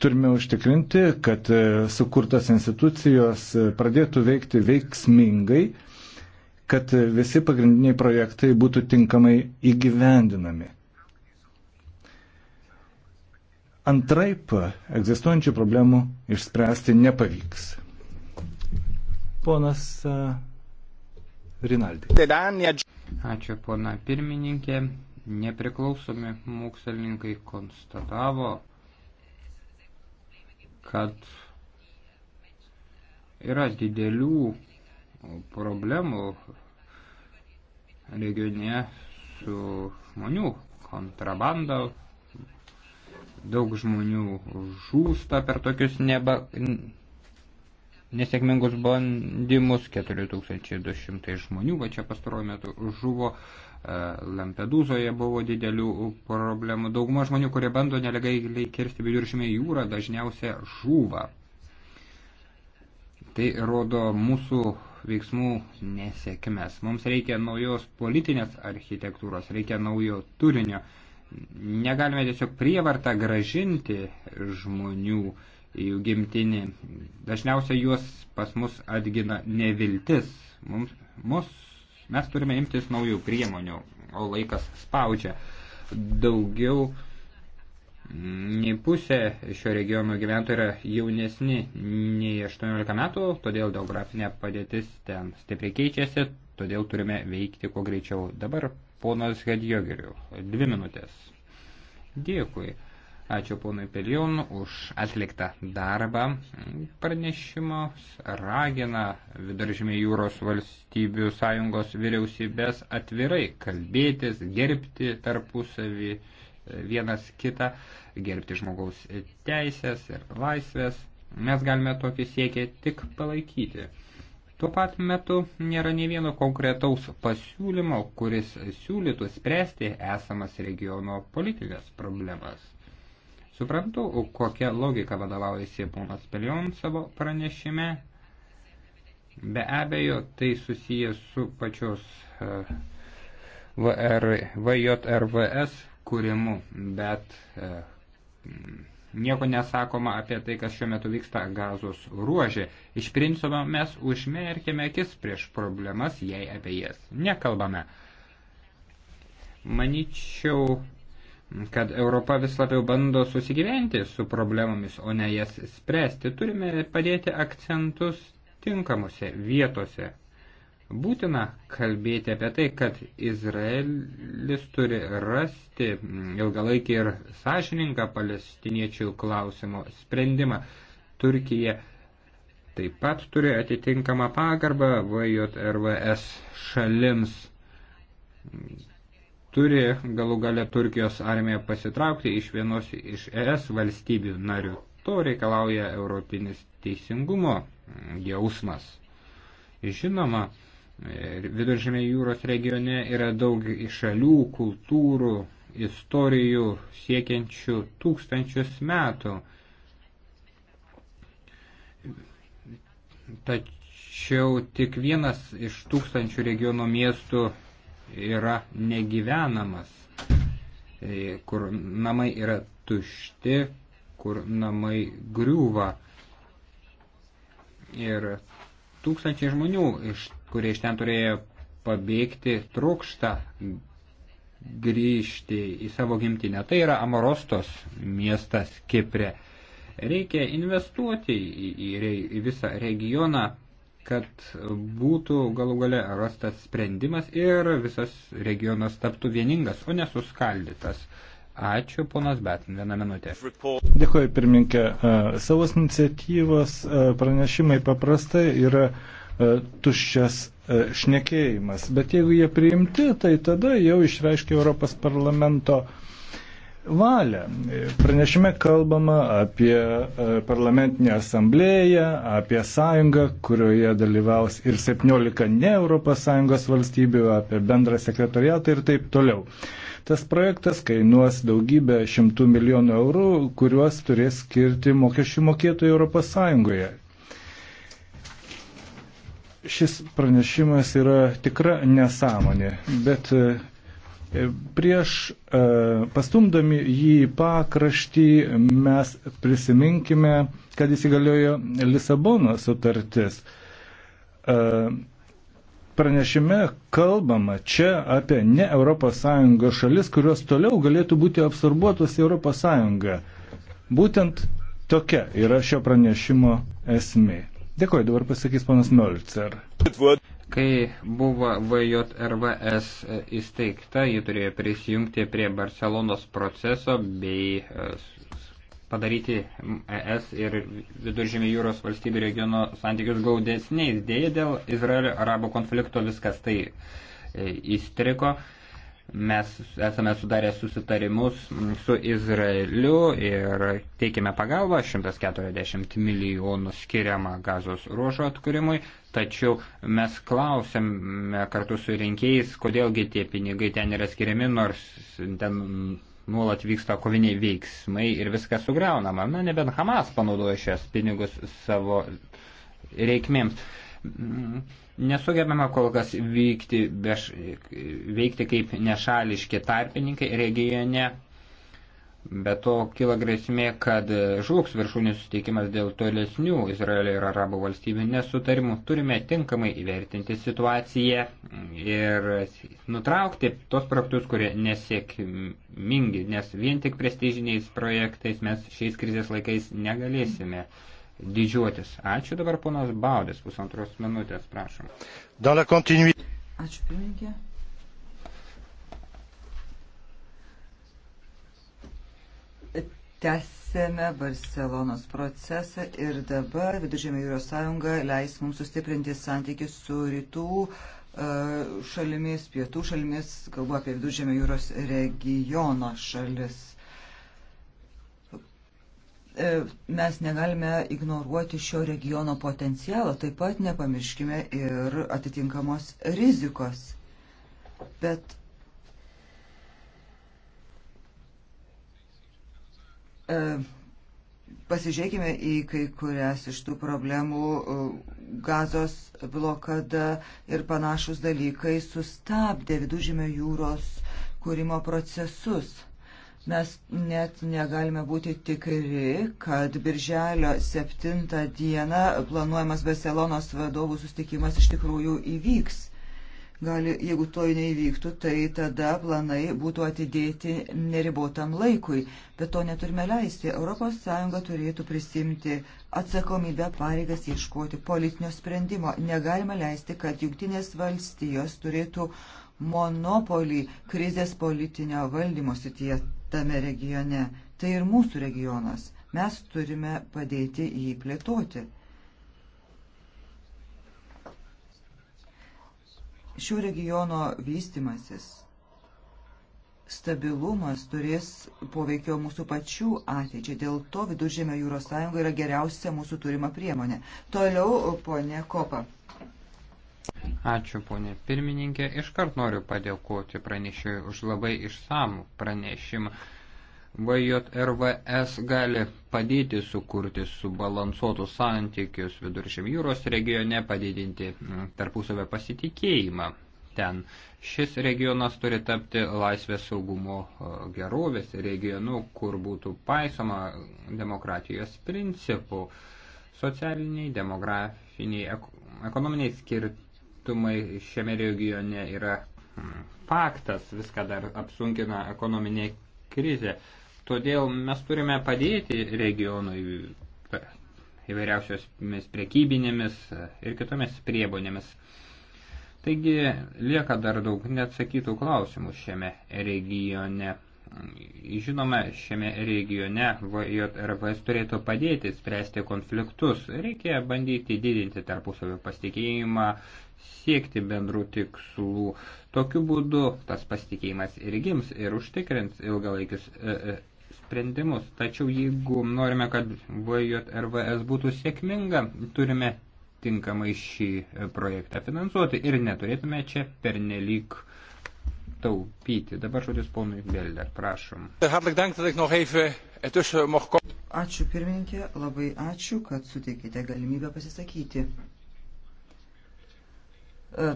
Turime užtikrinti, kad e, sukurtos institucijos e, pradėtų veikti veiksmingai, kad e, visi pagrindiniai projektai būtų tinkamai įgyvendinami. Antraip, egzistuojančių problemų išspręsti nepavyks. Ponas Rinaldi. Ačiū, pona pirmininkė. Nepriklausomi mokslininkai konstatavo, kad yra didelių problemų regione su žmonių kontrabanda. Daug žmonių žūsta per tokius neba, nesėkmingus bandymus, 4200 žmonių va čia pastaruoju metu žuvo. E, Lampedūzoje buvo didelių problemų. Dauguma žmonių, kurie bando nelegaliai kirsti viduržymę jūrą, dažniausia žūva. Tai rodo mūsų veiksmų nesėkmes. Mums reikia naujos politinės architektūros, reikia naujo turinio. Negalime tiesiog prievartą gražinti žmonių į jų gimtinį. Dažniausiai juos pas mus atgina neviltis. Mums, mus Mes turime imtis naujų priemonių, o laikas spaudžia. Daugiau nei pusė šio regiono gyventojų yra jaunesni nei 18 metų, todėl geografinė padėtis ten stipriai keičiasi, todėl turime veikti kuo greičiau. Dabar ponas Hedjogeriu, dvi minutės. Dėkui. Ačiū ponui Pelion už atliktą darbą. Pranešimas ragina vidaržymė jūros valstybių sąjungos vyriausybės atvirai kalbėtis, gerbti tarpusavį e, vienas kitą, gerbti žmogaus teisės ir laisvės. Mes galime tokį siekį tik palaikyti. Tuo pat metu nėra ne vieno konkretaus pasiūlymo, kuris siūlytų spręsti esamas regiono politinės problemas. Suprantu, kokia logika vadovaujasi ponas Pelion savo pranešime. Be abejo, tai susijęs su pačios e, VR, VJRVS kūrimu, bet e, nieko nesakoma apie tai, kas šiuo metu vyksta gazos ruožė. Iš principo mes užmerkėme akis prieš problemas, jei apie jas nekalbame. Maničiau, kad Europa vis labiau bando susigyventi su problemomis, o ne jas spręsti. Turime padėti akcentus tinkamose vietose. Būtina kalbėti apie tai, kad Izraelis turi rasti ilgalaikį ir sąžininką palestiniečių klausimo sprendimą. Turkija taip pat turi atitinkamą pagarbą VJRVS šalims turi galų gale Turkijos armija pasitraukti iš vienos iš ES valstybių narių. To reikalauja europinis teisingumo jausmas. Žinoma, Viduržėmė jūros regione yra daug šalių, kultūrų, istorijų siekiančių tūkstančius metų. Tačiau tik vienas iš tūkstančių regiono miestų yra negyvenamas, e, kur namai yra tušti, kur namai griūva. Ir tūkstančiai žmonių, iš, kurie iš ten turėjo pabėgti, trūksta grįžti į savo gimtinę. Tai yra Amorostos miestas Kiprė. Reikia investuoti į, į, į visą regioną, kad būtų galų gale rastas sprendimas ir visas regionas taptų vieningas, o nesuskaldytas. Ačiū, ponas Betin, vieną minutę. Dėkuoju, pirmininkė. E, Savos iniciatyvos e, pranešimai paprastai yra e, tuščias šnekėjimas, bet jeigu jie priimti, tai tada jau išreiškia Europos parlamento uh, valią. Pranešime kalbama apie e, parlamentinę asamblėją, apie sąjungą, kurioje dalyvaus ir 17 ne ES valstybių, apie bendrą sekretoriatą ir taip toliau. Tas projektas kainuos daugybę šimtų milijonų eurų, kuriuos turės skirti mokesčių mokėtojai ES. Šis pranešimas yra tikra nesąmonė, bet e, E, prieš e, pastumdami jį į pakraštį mes prisiminkime, kad įsigaliojo Lisabono sutartis. E, pranešime kalbama čia apie ne ES šalis, kurios toliau galėtų būti absorbuotos į ES. Būtent tokia yra šio pranešimo esmė. Dėkuoju, dabar pasakys panas Nolcer. Kai buvo VJRVS įsteigta, ji turėjo prisijungti prie Barcelonos proceso bei e, padaryti ES ir viduržėmė jūros valstybių regiono santykius gaudesniais. Dėja dėl Izraelio arabų konflikto viskas tai e, įstriko. Mes esame sudarę susitarimus su Izraeliu ir teikime pagalbą 140 milijonų skiriamą gazos ruožo atkūrimui, tačiau mes klausėme kartu su rinkėjais, kodėlgi tie pinigai ten yra skiriami, nors ten nuolat vyksta koviniai veiksmai ir viskas sugriaunama. Na, nebent Hamas panaudoja šias pinigus savo reikmėms. Mm, Nesugebame kol kas vykti, beš, veikti kaip nešališki tarpininkai regione. Be to kila grėsmė, kad žlugs viršūnių susitikimas dėl tolesnių Izraelio ir Arabų valstybių nesutarimų. Turime tinkamai įvertinti situaciją ir nutraukti tos projektus, kurie nesėkmingi, nes vien tik prestižiniais projektais mes šiais krizės laikais negalėsime. Mm didžiuotis. Ačiū dabar ponas Baudės, pusantros minutės, prašom. Ačiū pirmininkė. Tęsėme Barcelonos procesą ir dabar Viduržėmė jūros sąjunga leis mums sustiprinti santykių su rytų e, šalimis, pietų šalimis, kalbu apie Viduržėmė jūros regiono šalis E, mes negalime ignoruoti šio regiono potencialo, taip pat nepamirškime ir atitinkamos rizikos. Bet e, pasižiūrėkime į kai kurias iš tų problemų e, gazos blokada ir panašus dalykai sustabdė vidužymio jūros kūrimo procesus. Mes net negalime būti tikri, kad birželio 7 dieną planuojamas Barcelonos vadovų sustikimas iš tikrųjų įvyks. Gali, jeigu to neįvyktų, tai tada planai būtų atidėti neribotam laikui. Bet to neturime leisti. ES turėtų prisimti atsakomybę pareigas ieškoti politinio sprendimo. Negalime leisti, kad jungtinės valstijos turėtų monopolį krizės politinio valdymo sityje tame regione. Tai ir mūsų regionas. Mes turime padėti jį plėtoti. Šio regiono vystimasis stabilumas turės poveikio mūsų pačių ateičiai. Dėl to Viduržėmio jūros sąjunga yra geriausia mūsų turima priemonė. Toliau, ponė Kopa. Ačiū, ponė pirmininkė. Iškart noriu padėkoti pranešėjui už labai išsamų pranešimą. VJRVS gali padėti sukurti subalansuotus santykius viduržėm jūros regione, padidinti mm, tarpusavę pasitikėjimą. Ten šis regionas turi tapti laisvės saugumo e, gerovės regionu, kur būtų paisoma demokratijos principų. Socialiniai, demografiniai, ekonominiai skirti skirtumai šiame regione yra mm, faktas, viską dar apsunkina ekonominė krizė. Todėl mes turime padėti regionui įvairiausiomis prekybinėmis ir kitomis priemonėmis. Taigi lieka dar daug neatsakytų klausimų šiame regione. Žinoma, šiame regione JRVS turėtų padėti spręsti konfliktus. Reikia bandyti didinti tarpusavio pasitikėjimą, siekti bendrų tikslų. Tokiu būdu tas pasitikėjimas ir gims ir užtikrins ilgalaikius e, e, sprendimus. Tačiau jeigu norime, kad VJRVS būtų sėkminga, turime tinkamai šį e, projektą finansuoti ir neturėtume čia pernelyg taupyti. Dabar žodis ponui Belder, prašom. Ačiū pirmininkė, labai ačiū, kad suteikite galimybę pasisakyti. E,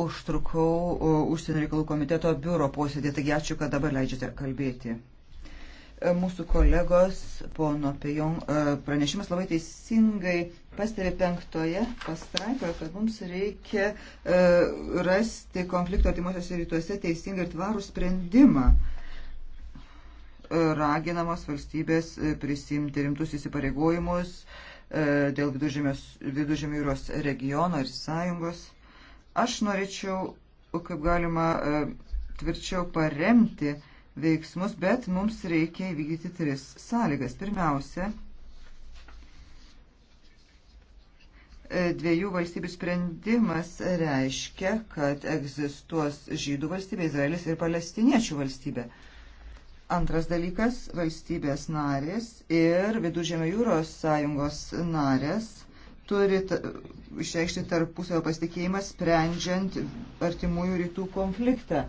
užtrukau e, užsienio reikalų komiteto biuro posėdį, taigi ačiū, kad dabar leidžiate kalbėti. E, mūsų kolegos pono Pejon pranešimas labai teisingai pastebi penktoje pastraipoje, kad mums reikia rasti konflikto artimuosiuose rytuose teisingą ir tvarų sprendimą raginamos valstybės prisimti rimtus įsipareigojimus dėl viduržėmio jūros regiono ir sąjungos Aš norėčiau, kaip galima e, tvirčiau paremti veiksmus, bet mums reikia įvykdyti tris sąlygas. Pirmiausia, e, dviejų valstybių sprendimas reiškia, kad egzistuos žydų valstybė, Izraelis ir palestiniečių valstybė. Antras dalykas - valstybės narės ir Vidužėmio jūros sąjungos narės turi išreikšti tarpusavio pasitikėjimą sprendžiant artimųjų rytų konfliktą.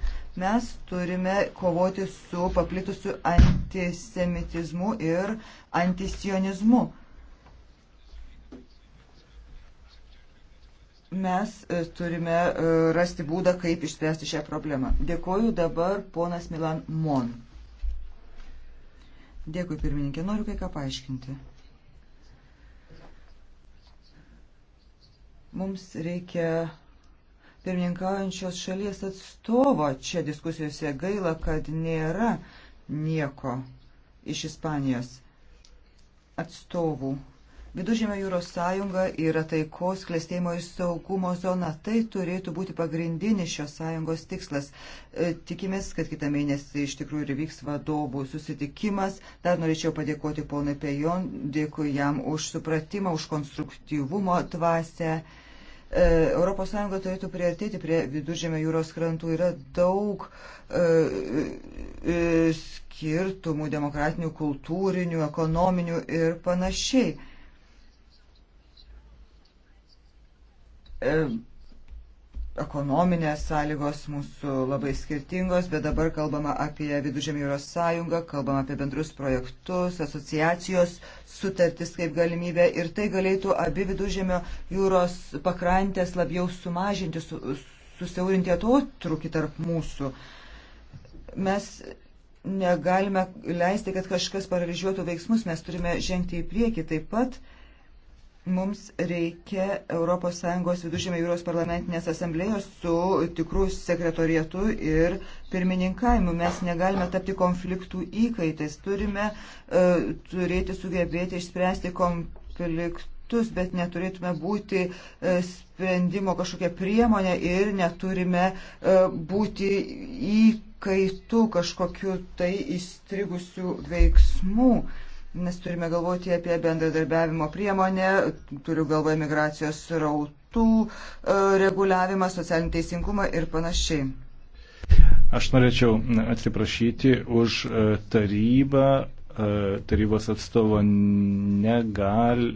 Mes turime kovoti su paplitusiu antisemitizmu ir antisionizmu. Mes e, turime e, rasti būdą, kaip išspręsti šią problemą. Dėkoju dabar ponas Milan Mon. Dėkui pirmininkė, noriu kai ką paaiškinti. Mums reikia pirmininkaujančios šalies atstovo čia diskusijose gaila, kad nėra nieko iš Ispanijos atstovų. Vidužėmio jūros sąjunga yra taikos, klėstėjimo ir saugumo zona. Tai turėtų būti pagrindinis šios sąjungos tikslas. E, tikimės, kad kitą mėnesį iš tikrųjų ir vyks vadovų susitikimas. Dar norėčiau padėkoti ponui Pejon, dėkui jam už supratimą, už konstruktyvumo dvasę. ES turėtų priartėti prie viduržėmio jūros krantų. Yra daug e, e, skirtumų demokratinių, kultūrinių, ekonominių ir panašiai e, ekonominės sąlygos mūsų labai skirtingos, bet dabar kalbama apie Vidužėmio jūros sąjungą, kalbama apie bendrus projektus, asociacijos sutartis kaip galimybę ir tai galėtų abi Vidužėmio jūros pakrantės labiau sumažinti, su, susiaurinti atotrukį tarp mūsų. Mes negalime leisti, kad kažkas paralyžiuotų veiksmus, mes turime žengti į priekį taip pat. Uh, Mums reikia ES viduržėmė jūros parlamentinės asamblėjos su tikrų sekretorietu ir pirmininkavimu. Mes negalime tapti konfliktų įkaitais. Turime uh, turėti sugebėti išspręsti konfliktus, bet neturėtume būti uh, sprendimo kažkokia priemonė ir neturime uh, būti įkaitų kažkokiu tai įstrigusių veiksmų. Uh, Mes turime galvoti apie bendradarbiavimo priemonę, turiu galvoje migracijos rautų e, reguliavimą, socialinį teisingumą ir panašiai. Aš norėčiau atsiprašyti už e, tarybą. E, tarybos atstovo negali,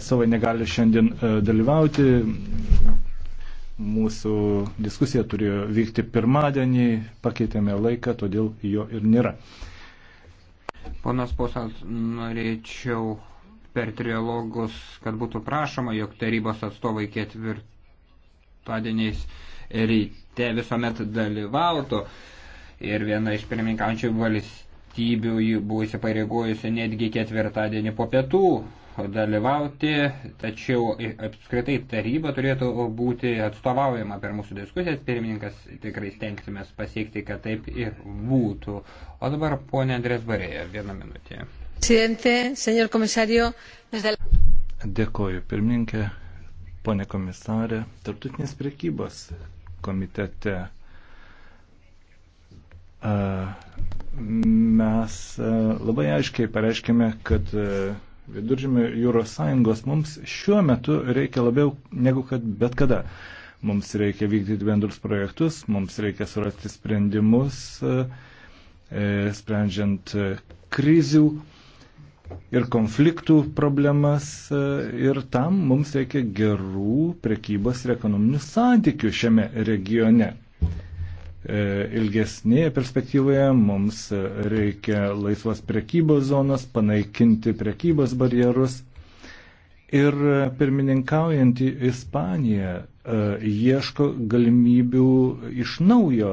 atstovai negali šiandien dalyvauti. Mūsų diskusija turėjo vykti pirmadienį, pakeitėme laiką, todėl jo ir nėra. Ponas Pusant, norėčiau per trialogus, kad būtų prašoma, jog tarybos atstovai ketvirtadieniais ryte visuomet dalyvautų. Ir viena iš pirmininkaujančių valstybių buvusi pareigojusi netgi ketvirtadienį po pietų dalyvauti, tačiau apskritai taryba turėtų būti atstovaujama per mūsų diskusijas. Pirmininkas tikrai stengsimės pasiekti, kad taip ir būtų. O dabar ponė Andrės Barėja, vieną minutę. Dėkoju, pirmininkė, ponė komisarė, tarptautinės priekybos komitete. Mes labai aiškiai pareiškime, kad viduržymio jūros sąjungos, mums šiuo metu reikia labiau negu kad bet kada. Mums reikia vykdyti bendrus projektus, mums reikia surasti sprendimus, e, e, sprendžiant e, krizių ir konfliktų problemas ir tam mums reikia gerų prekybos ir ekonominių santykių šiame regione. E, ilgesnėje perspektyvoje mums reikia laisvos prekybos zonos, panaikinti prekybos barjerus. Ir pirmininkaujantį Ispaniją e, ieško galimybių iš naujo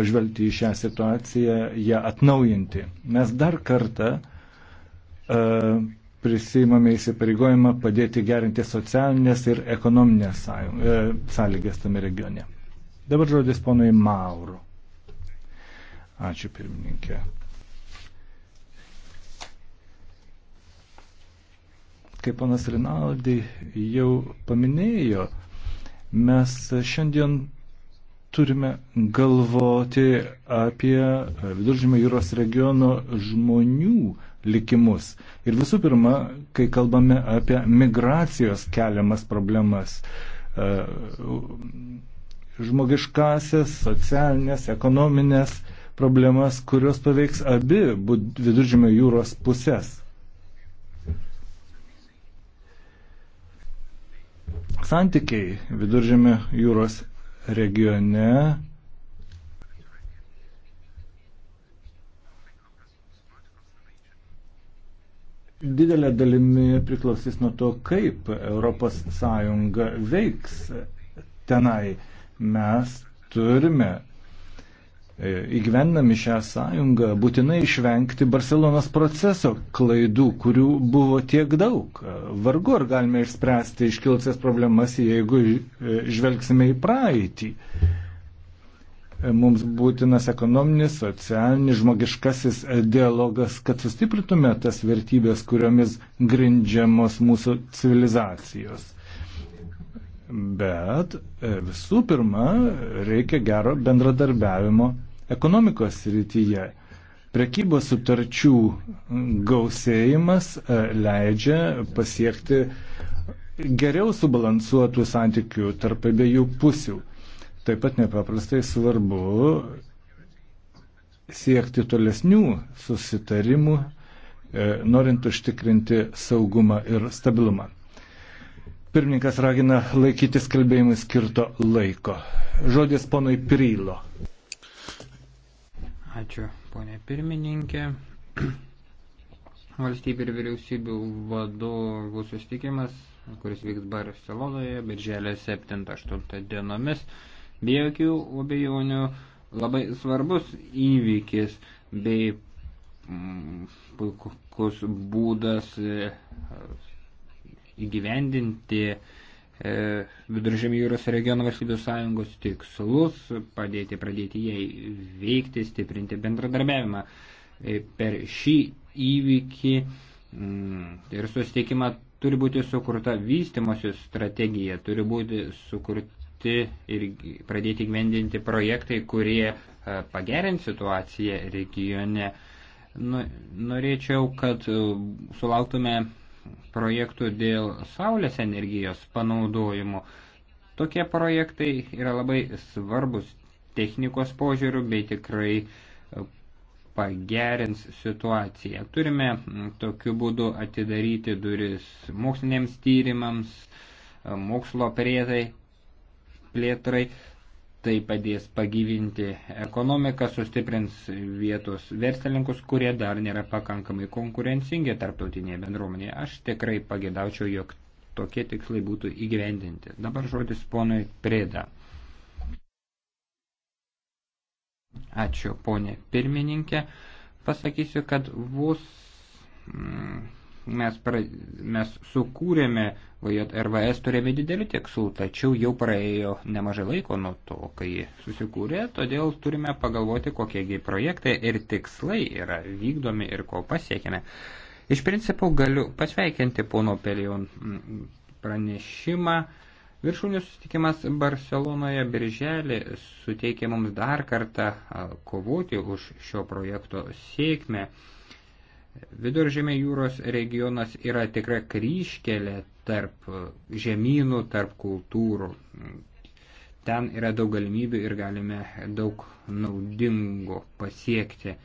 pažvelgti į šią situaciją, ją atnaujinti. Mes dar kartą e, prisimame įsipareigojimą padėti gerinti socialinės ir ekonominės sąlygas tame regione. Dabar žodis ponui Mauro. Ačiū pirmininkė. Kaip ponas Rinaldi jau paminėjo, mes šiandien turime galvoti apie viduržymio jūros regiono žmonių likimus. Ir visų pirma, kai kalbame apie migracijos keliamas problemas, e, žmogiškasias, socialinės, ekonominės problemas, kurios paveiks abi viduržymio jūros pusės. Santykiai viduržymio jūros regione didelė dalimi priklausys nuo to, kaip ES veiks tenai mes turime e, įgyvendami šią sąjungą būtinai išvengti Barcelonas proceso klaidų, kurių buvo tiek daug. E, vargu ar galime išspręsti iškilusias problemas, jeigu e, žvelgsime į praeitį. Mums būtinas ekonominis, socialinis, žmogiškasis dialogas, kad sustiprintume tas vertybės, kuriomis grindžiamos mūsų civilizacijos. Bet e, visų pirma, reikia gero bendradarbiavimo ekonomikos rytyje. Prekybos sutarčių gausėjimas e, leidžia pasiekti geriau subalansuotų santykių tarp abiejų pusių. Taip pat nepaprastai svarbu siekti tolesnių susitarimų, e, norint užtikrinti saugumą ir stabilumą. Pirmininkas ragina laikytis kalbėjimui skirto laiko. Žodis ponui Pirylo. Ačiū, ponė pirmininkė. Valstybė ir vyriausybių vadovų susitikimas, kuris vyks Barcelonoje, birželio 7-8 dienomis, be jokių abejonių labai svarbus įvykis bei mm, puikus būdas įgyvendinti e, Viduržėmio jūros regiono valstybių sąjungos tikslus, padėti pradėti jai veikti, stiprinti bendradarbiavimą. E, per šį įvykį mm, ir susitikimą turi būti sukurta vystimosi strategija, turi būti sukurti ir pradėti gyvendinti projektai, kurie e, pagerint situaciją regione. Nu, norėčiau, kad sulauktume projektų dėl saulės energijos panaudojimo. Tokie projektai yra labai svarbus technikos požiūrių bei tikrai e, pagerins situaciją. Turime tokiu būdu atidaryti duris moksliniams tyrimams, e, mokslo prietai, plėtrai. plėtrai Tai padės pagyvinti ekonomiką, sustiprins vietos verslininkus, kurie dar nėra pakankamai konkurencingi tarptautinėje bendruomenėje. Aš tikrai pagėdaučiau, jog tokie tikslai būtų įgyvendinti. Dabar žodis ponui Prėda. Ačiū, ponė pirmininkė. Pasakysiu, kad vos mm, mes, pra, mes sukūrėme RVS, turėjome didelių tikslų, tačiau jau praėjo nemažai laiko nuo to, kai susikūrė, todėl turime pagalvoti, kokiegi projektai ir tikslai yra vykdomi ir ko pasiekime. Iš principo galiu pasveikinti pono Pelion mm, pranešimą. Viršūnių susitikimas Barcelonoje birželį suteikė mums dar kartą kovoti už šio projekto sėkmę. Viduržėmė jūros regionas yra tikra kryškelė tarp žemynų, tarp kultūrų. Ten yra daug galimybių ir galime daug naudingo pasiekti.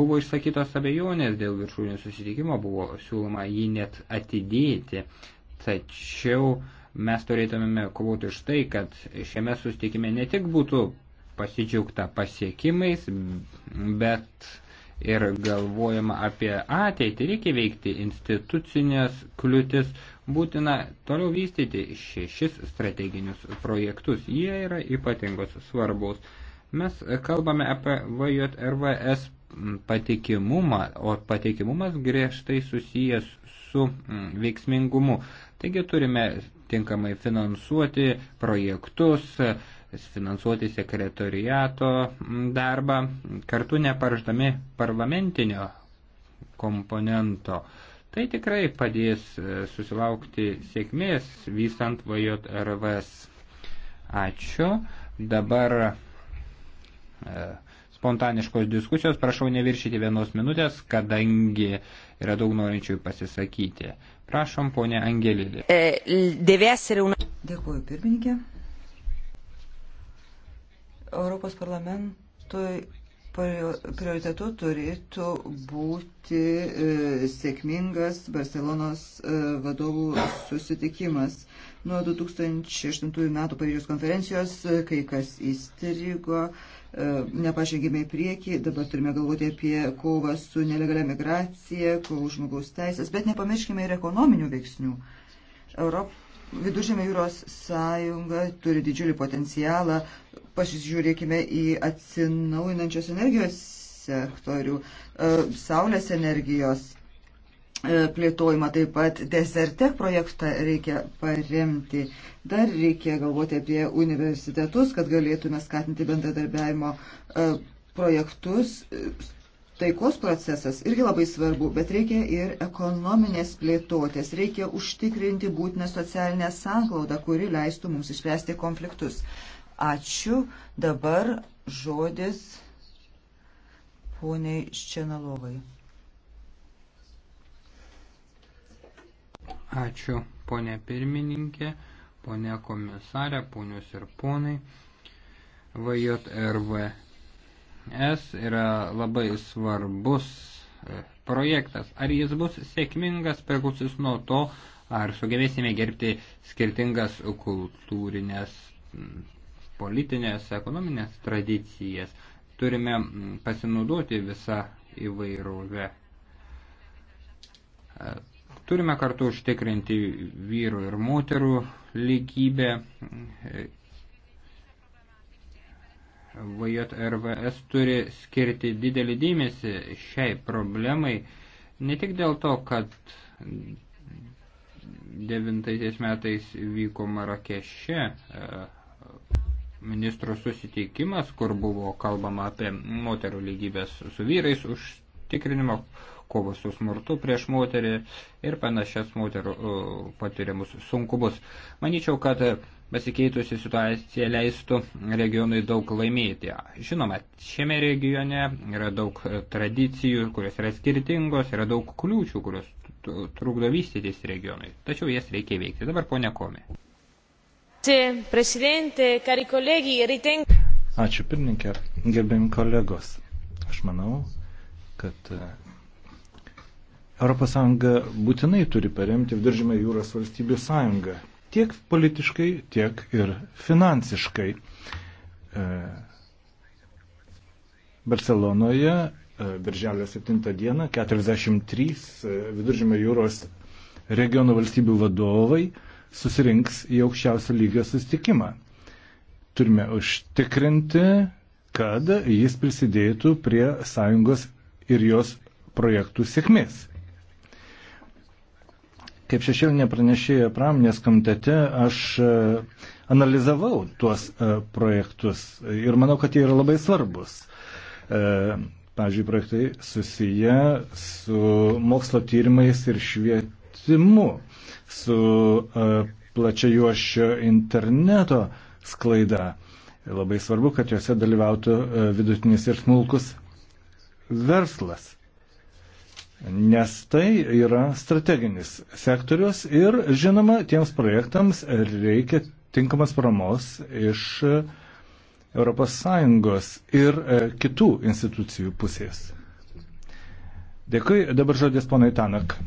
Buvo išsakytos abejonės dėl viršūnės susitikimo, buvo siūloma jį net atidėti, tačiau mes turėtumėme kovoti už tai, kad šiame susitikime ne tik būtų pasidžiaugta pasiekimais, bet ir galvojama apie ateitį, reikia veikti institucinės kliūtis, būtina toliau vystyti šešis strateginius projektus. Jie yra ypatingos svarbus. Mes kalbame apie VJRVS patikimumą, o patikimumas griežtai susijęs su mm, veiksmingumu. Taigi turime tinkamai finansuoti projektus, finansuoti sekretoriato darbą, kartu neparždami parlamentinio komponento. Tai tikrai padės e, susilaukti sėkmės vystant VJRVS. Ačiū. Dabar e, spontaniškos diskusijos, prašau neviršyti vienos minutės, kadangi yra daug norinčių pasisakyti. Prašom, ponė Angelilė. E, Dėkuoju, pirmininkė. Europos parlamentui prioritetu turėtų būti e, sėkmingas Barcelonos e, vadovų susitikimas. Nuo 2008 metų Paryžiaus konferencijos e, kai kas įstrigo, nepažengėme į priekį, dabar turime galvoti apie kovą su nelegalia migracija, kovą žmogaus teisės, bet nepamirškime ir ekonominių veiksnių. Europos Viduržėmio jūros sąjunga turi didžiulį potencialą Pasižiūrėkime į atsinaujinančios energijos sektorių, e, saulės energijos e, plėtojimą, taip pat Desertec projektą reikia paremti. Dar reikia galvoti apie universitetus, kad galėtume skatinti bendradarbiavimo e, projektus. Taikos procesas irgi labai svarbu, bet reikia ir ekonominės plėtotės, reikia užtikrinti būtiną socialinę sanklaudą, kuri leistų mums išspręsti konfliktus. Ačiū. Dabar žodis poniai Ščenalovai. Ačiū, ponė pirmininkė, ponė komisarė, ponius ir ponai. VJRVS yra labai svarbus e, projektas. Ar jis bus sėkmingas, priklausys nuo to, ar sugebėsime gerbti skirtingas kultūrinės politinės, ekonominės tradicijas. Turime mm, pasinaudoti visą įvairovę. E, turime kartu užtikrinti vyrų ir moterų lygybę. VJRVS turi skirti didelį dėmesį šiai problemai, ne tik dėl to, kad devintaisiais metais vyko Marakeše e, ministrų susitikimas, kur buvo kalbama apie moterų lygybės su vyrais užtikrinimo, kovos su smurtu prieš moterį ir panašias moterų e, patiriamus sunkumus. Manyčiau, kad pasikeitusi situacija leistų regionui daug laimėti. Žinoma, šiame regione yra daug e, tradicijų, kurios yra skirtingos, yra daug kliūčių, kurios trukdo vystytis regionui. Tačiau jas reikia veikti. Dabar ponia Komi. Ačiū pirmininkė, gerbėjim kolegos. Aš manau, kad ES būtinai turi paremti Viduržymę jūros valstybių sąjungą. Tiek politiškai, tiek ir finansiškai. E, Barcelonoje e, Birželio 7 dieną 43 e, Viduržymė jūros regiono valstybių vadovai susirinks į aukščiausio lygio sustikimą. Turime užtikrinti, kad jis prisidėtų prie sąjungos ir jos projektų sėkmės. Kaip šešėlinė pranešėja pramonės komitete, aš e, analizavau tuos e, projektus ir manau, kad jie yra labai svarbus. E, pavyzdžiui, projektai susiję su mokslo tyrimais ir švietimu su e, plačia juoščio interneto sklaida. Labai svarbu, kad juose dalyvautų e, vidutinis ir smulkus verslas, nes tai yra strateginis sektorius ir, žinoma, tiems projektams reikia tinkamas paramos iš ES ir e, kitų institucijų pusės. Dėkui, dabar žodis ponai Tanak.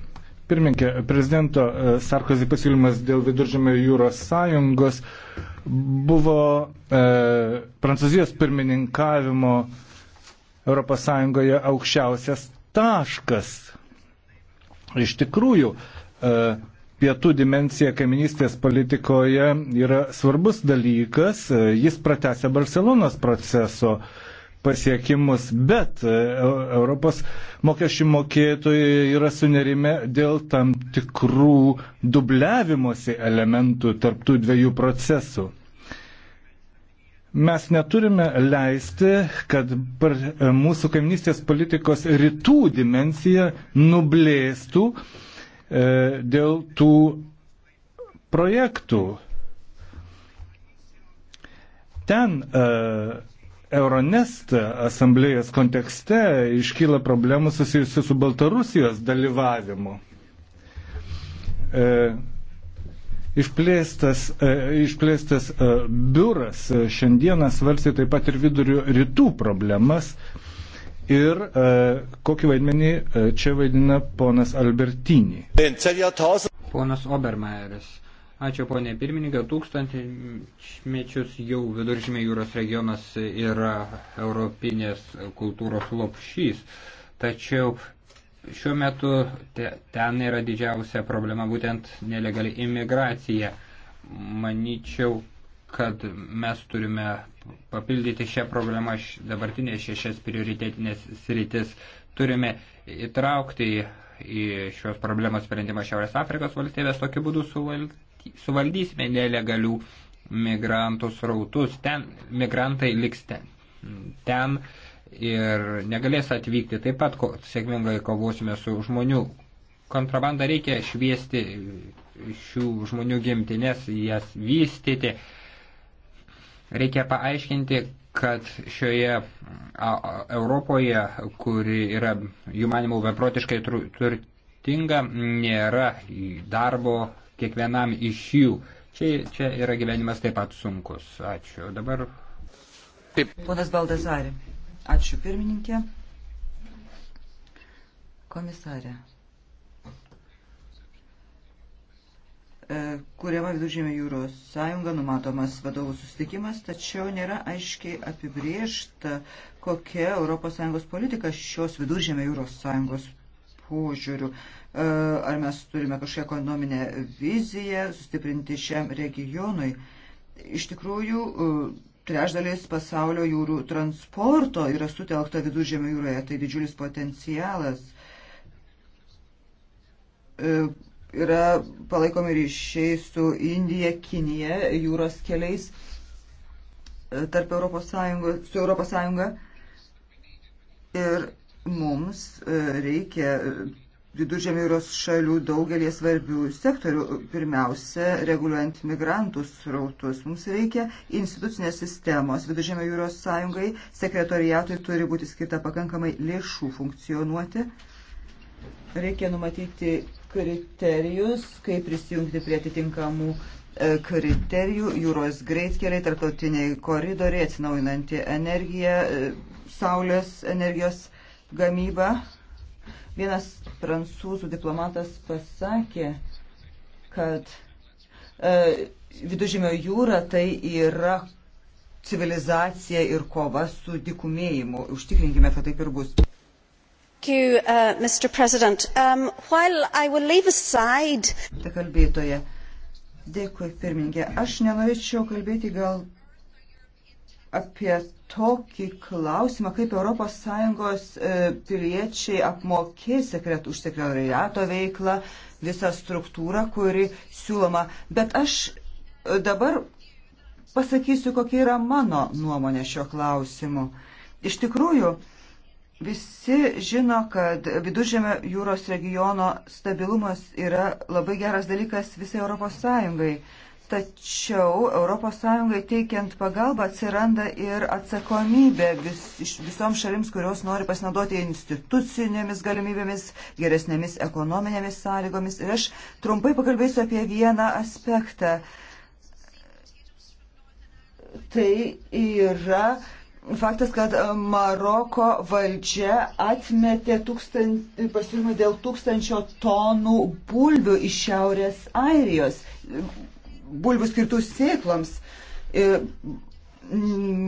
Pirmininkė, prezidento e, Sarkozy pasiūlymas dėl viduržėmio jūros sąjungos buvo e, Prancūzijos pirmininkavimo Europos Sąjungoje aukščiausias taškas. Iš tikrųjų, e, pietų dimencija kaiminystės politikoje yra svarbus dalykas, e, jis pratęsia Barcelonas proceso e, pasiekimus, bet e, Europos mokesčių mokėtojai yra sunerime dėl tam tikrų dubliavimosi elementų tarptų dviejų procesų. Mes neturime leisti, kad e, mūsų kaimynystės politikos rytų dimensija nublėstų e, dėl tų projektų. Ten e, Euronest asamblėjos kontekste iškyla problemų susijusių su Baltarusijos dalyvavimu. E, Išplėstas, e, išplėstas e, biuras šiandieną svarstė taip pat ir vidurio rytų problemas ir e, kokį vaidmenį e, čia vaidina ponas Albertini. Ponas Obermaeris. Ačiū, ponė pirmininkė. Tūkstantmečius jau viduržymė jūros regionas yra europinės kultūros lopšys. Tačiau šiuo metu te, ten yra didžiausia problema būtent nelegali imigracija. Maničiau, kad mes turime papildyti šią problemą dabartinės šešias prioritetinės sritis. Turime įtraukti į šios problemos sprendimą Šiaurės Afrikos valstybės, tokiu būdu suvalgyti suvaldysime nelegalių migrantų srautus, ten migrantai liks ten. ten ir negalės atvykti. Taip pat ko, sėkmingai kovosime su žmonių kontrabandą reikia šviesti šių žmonių gimtinės, jas vystyti. Reikia paaiškinti, kad šioje Europoje, kuri yra, jų manimų, beprotiškai turtinga, nėra darbo kiekvienam iš jų. Čia, čia yra gyvenimas taip pat sunkus. Ačiū. Dabar. Taip. Ponas Baldazarė. Ačiū pirmininkė. Komisarė. E, kuriama Viduržėmio jūros sąjunga numatomas vadovų susitikimas, tačiau nėra aiškiai apibriešta, kokia ES politika šios Viduržėmio jūros sąjungos požiūrių. E, ar mes turime kažkokią ekonominę viziją sustiprinti šiam regionui? Iš tikrųjų, e, trešdalis pasaulio jūrų transporto yra sutelkta viduržėmio jūroje, tai didžiulis potencialas. E, yra palaikomi ryšiai su Indija, Kinija, jūros keliais tarp Europos Sąjungos, su Europos Sąjunga. Ir Mums e, reikia e, viduržėmio jūros šalių daugelį svarbių sektorių, pirmiausia, reguliuojant migrantų srautus. Mums reikia institucinės sistemos. Viduržėmio jūros sąjungai sekretoriatui turi būti skirta pakankamai lėšų funkcionuoti. Reikia numatyti kriterijus, kaip prisijungti prie atitinkamų e, kriterijų, jūros greitkeliai, tarptautiniai koridoriai, atsinaujinanti energija, saulės energijos gamybą. Vienas prancūzų diplomatas pasakė, kad e, Vidužymio jūra tai yra civilizacija ir kova su dikumėjimu. Užtikrinkime, kad taip ir bus. You, uh, Mr. President, um, while I will leave aside... Ta kalbėtoja. Dėkui, pirmininkė. Aš nenorėčiau kalbėti gal apie tokį klausimą, kaip ES e, piliečiai apmokės sekret, už sekretariato veiklą, visą struktūrą, kuri siūloma. Bet aš e, dabar pasakysiu, kokia yra mano nuomonė šio klausimu. Iš tikrųjų, Visi žino, kad viduržėmio jūros regiono stabilumas yra labai geras dalykas visai Europos Sąjungai. Tačiau ES teikiant pagalbą atsiranda ir atsakomybė vis, visoms šalims, kurios nori pasinaudoti institucinėmis galimybėmis, geresnėmis ekonominėmis sąlygomis. Ir aš trumpai pakalbėsiu apie vieną aspektą. Tai yra faktas, kad Maroko valdžia atmetė pasiūlymą dėl tūkstančio tonų bulvių iš Šiaurės Airijos bulvių skirtų sėkloms. E,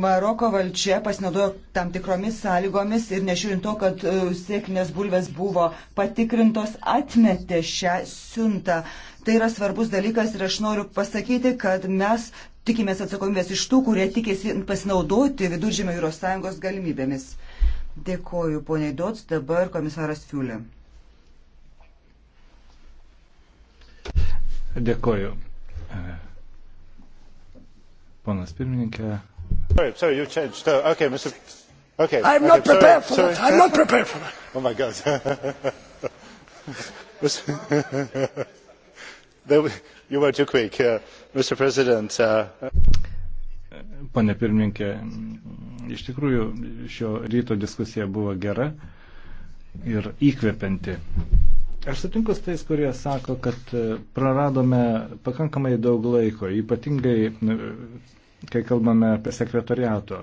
Maroko valdžia pasinaudojo tam tikromis sąlygomis ir nežiūrint to, kad e, sėklinės bulvės buvo patikrintos, atmetė šią siuntą. Tai yra svarbus dalykas ir aš noriu pasakyti, kad mes tikimės atsakomybės iš tų, kurie tikėsi pasinaudoti Viduržėmio jūros sąjungos galimybėmis. Dėkoju, poniai Dots, dabar komisaras Fiulė. Dėkoju. Ponas pirmininkė. Sorry, sorry, you changed. Uh, okay, Mr. Okay. I'm okay, not prepared sorry, for sorry. that. I'm not prepared for that. oh my God. you were too quick, uh, Mr. President. Uh, Pane pirmininkė, iš tikrųjų šio ryto diskusija buvo gera ir įkvepianti. Aš sutinku su tais, kurie sako, kad e, praradome pakankamai daug laiko, ypatingai e, kai kalbame apie sekretariato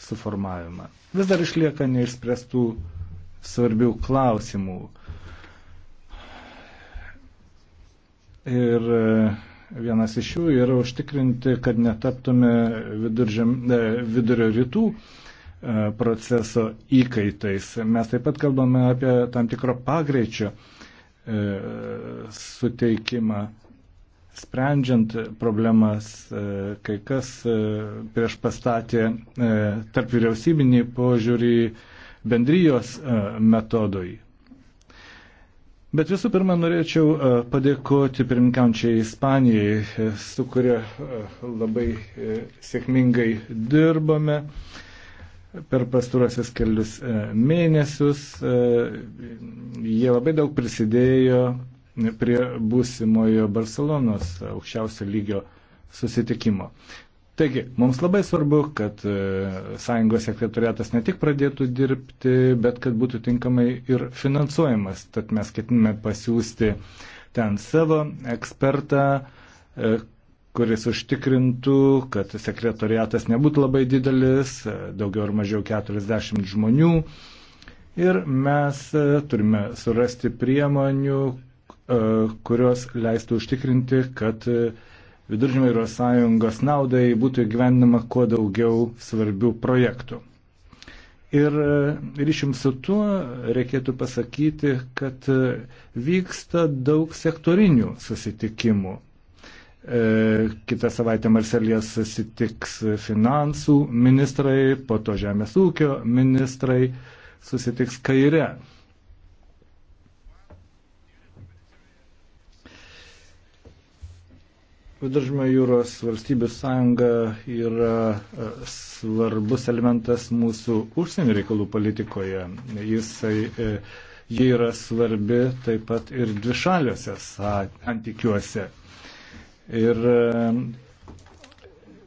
suformavimą. Vis dar išlieka neišspręstų svarbių klausimų. Ir e, vienas iš jų yra užtikrinti, kad netaptume viduržem, vidurio rytų proceso įkaitais. Mes taip pat kalbame apie tam tikro pagreičio E, suteikimą, sprendžiant problemas, e, kai kas e, prieš pastatė tarp vyriausybinį požiūrį bendrijos metodui. Bet visų pirma, norėčiau padėkoti pirmkiančiai Ispanijai, su kuria labai sėkmingai dirbome per pastarosius kelius e, mėnesius. E, jie labai daug prisidėjo prie būsimojo Barcelonos aukščiausio lygio susitikimo. Taigi, mums labai svarbu, kad e, sąjungos sekretoriatas ne tik pradėtų dirbti, bet kad būtų tinkamai ir finansuojamas. Tad mes ketiname pasiūsti ten savo ekspertą, kuris užtikrintų, kad sekretoriatas nebūtų labai didelis, daugiau ar mažiau 40 žmonių. Ir mes e, turime surasti priemonių, e, kurios leistų užtikrinti, kad e, Viduržymio jūros sąjungos naudai būtų įgyvendinama kuo daugiau svarbių projektų. Ir ryšim su tuo reikėtų pasakyti, kad vyksta daug sektorinių susitikimų. E, Kita savaitė Marselėje susitiks finansų ministrai, po to žemės ūkio ministrai susitiks kaire. Viduržmio jūros valstybių sąjunga yra e, svarbus elementas mūsų užsienio reikalų politikoje. Jisai, e, jie yra svarbi taip pat ir dvišaliuose santykiuose. Ir e,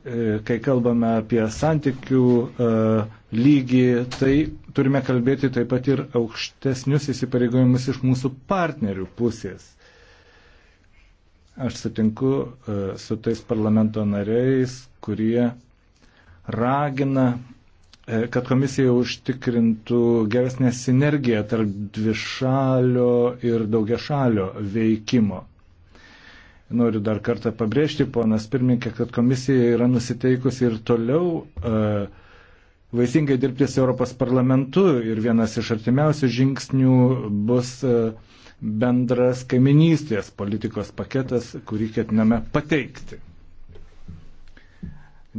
e, kai kalbame apie santykių e, lygį, tai turime kalbėti taip pat ir aukštesnius įsipareigojimus iš mūsų partnerių pusės. Aš sutinku su tais parlamento nariais, kurie ragina, kad komisija užtikrintų geresnę sinergiją tarp dvišalio ir daugiašalio veikimo. Noriu dar kartą pabrėžti, ponas pirmininkė, kad komisija yra nusiteikusi ir toliau e, vaisingai dirbti su Europos parlamentu ir vienas iš artimiausių žingsnių bus e, bendras kaiminystės politikos paketas, kurį ketiname pateikti.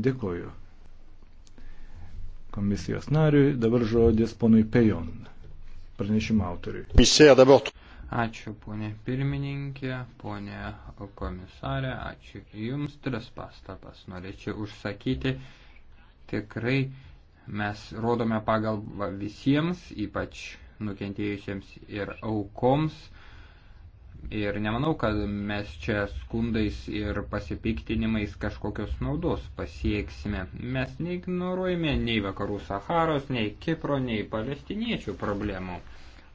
Dėkuoju. Komisijos nariui dabar žodis ponui Pejon, pranešimo autoriui. Ačiū, ponė pirmininkė, ponė komisarė, ačiū Jums, tris pastabas norėčiau užsakyti. Tikrai mes rodome pagalbą visiems, ypač nukentėjusiems ir aukoms. Ir nemanau, kad mes čia skundais ir pasipiktinimais kažkokios naudos pasieksime. Mes neignoruojame nei vakarų Saharos, nei Kipro, nei palestiniečių problemų.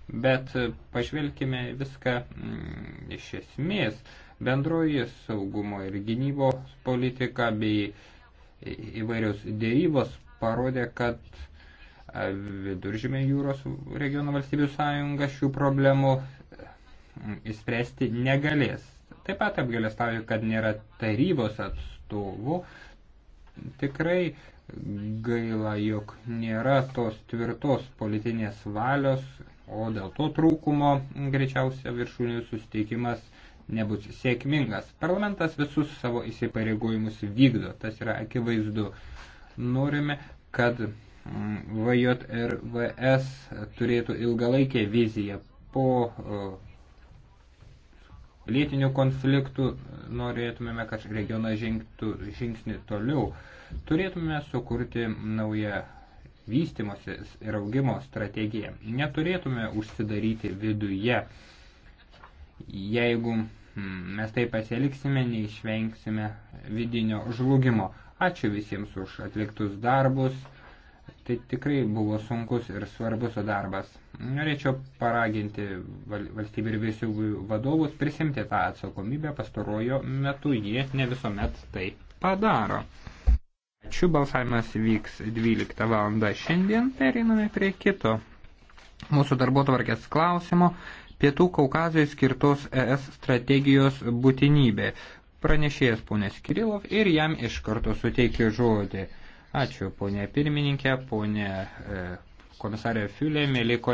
Bet pažvelkime viską mm, iš esmės. Bendroji saugumo ir gynybos politika bei įvairios dėrybos parodė, kad viduržymė jūros regiono valstybių sąjunga šių problemų įspręsti mm, negalės. Taip pat apgalėstauju, kad nėra tarybos atstovų. Tikrai gaila, jog nėra tos tvirtos politinės valios o dėl to trūkumo greičiausia viršūnių susitikimas nebus sėkmingas. Parlamentas visus savo įsipareigojimus vykdo, tas yra akivaizdu. Norime, kad mm, VJRVS turėtų ilgalaikę viziją po lietinių konfliktų, norėtumėme, kad regionas žingtų žingsnį toliau. Turėtume sukurti naują vystimosi ir augimo strategija. Neturėtume užsidaryti viduje. Jeigu hmm, mes taip pasiliksime, neišvengsime vidinio žlugimo. Ačiū visiems už atliktus darbus. Tai tikrai buvo sunkus ir svarbus darbas. Norėčiau paraginti valstybių ir visių vadovus prisimti tą atsakomybę, pastarojo metu jie ne visuomet tai padaro. Šių balsavimas vyks 12 val. šiandien, pereiname prie kito mūsų darbo tvarkės klausimo - Pietų Kaukazijai skirtos ES strategijos būtinybė. Pranešėjas ponės Kirilov ir jam iš karto suteikiu žodį. Ačiū ponė pirmininkė, ponė e, komisarė Fiulė, mėly kolegos.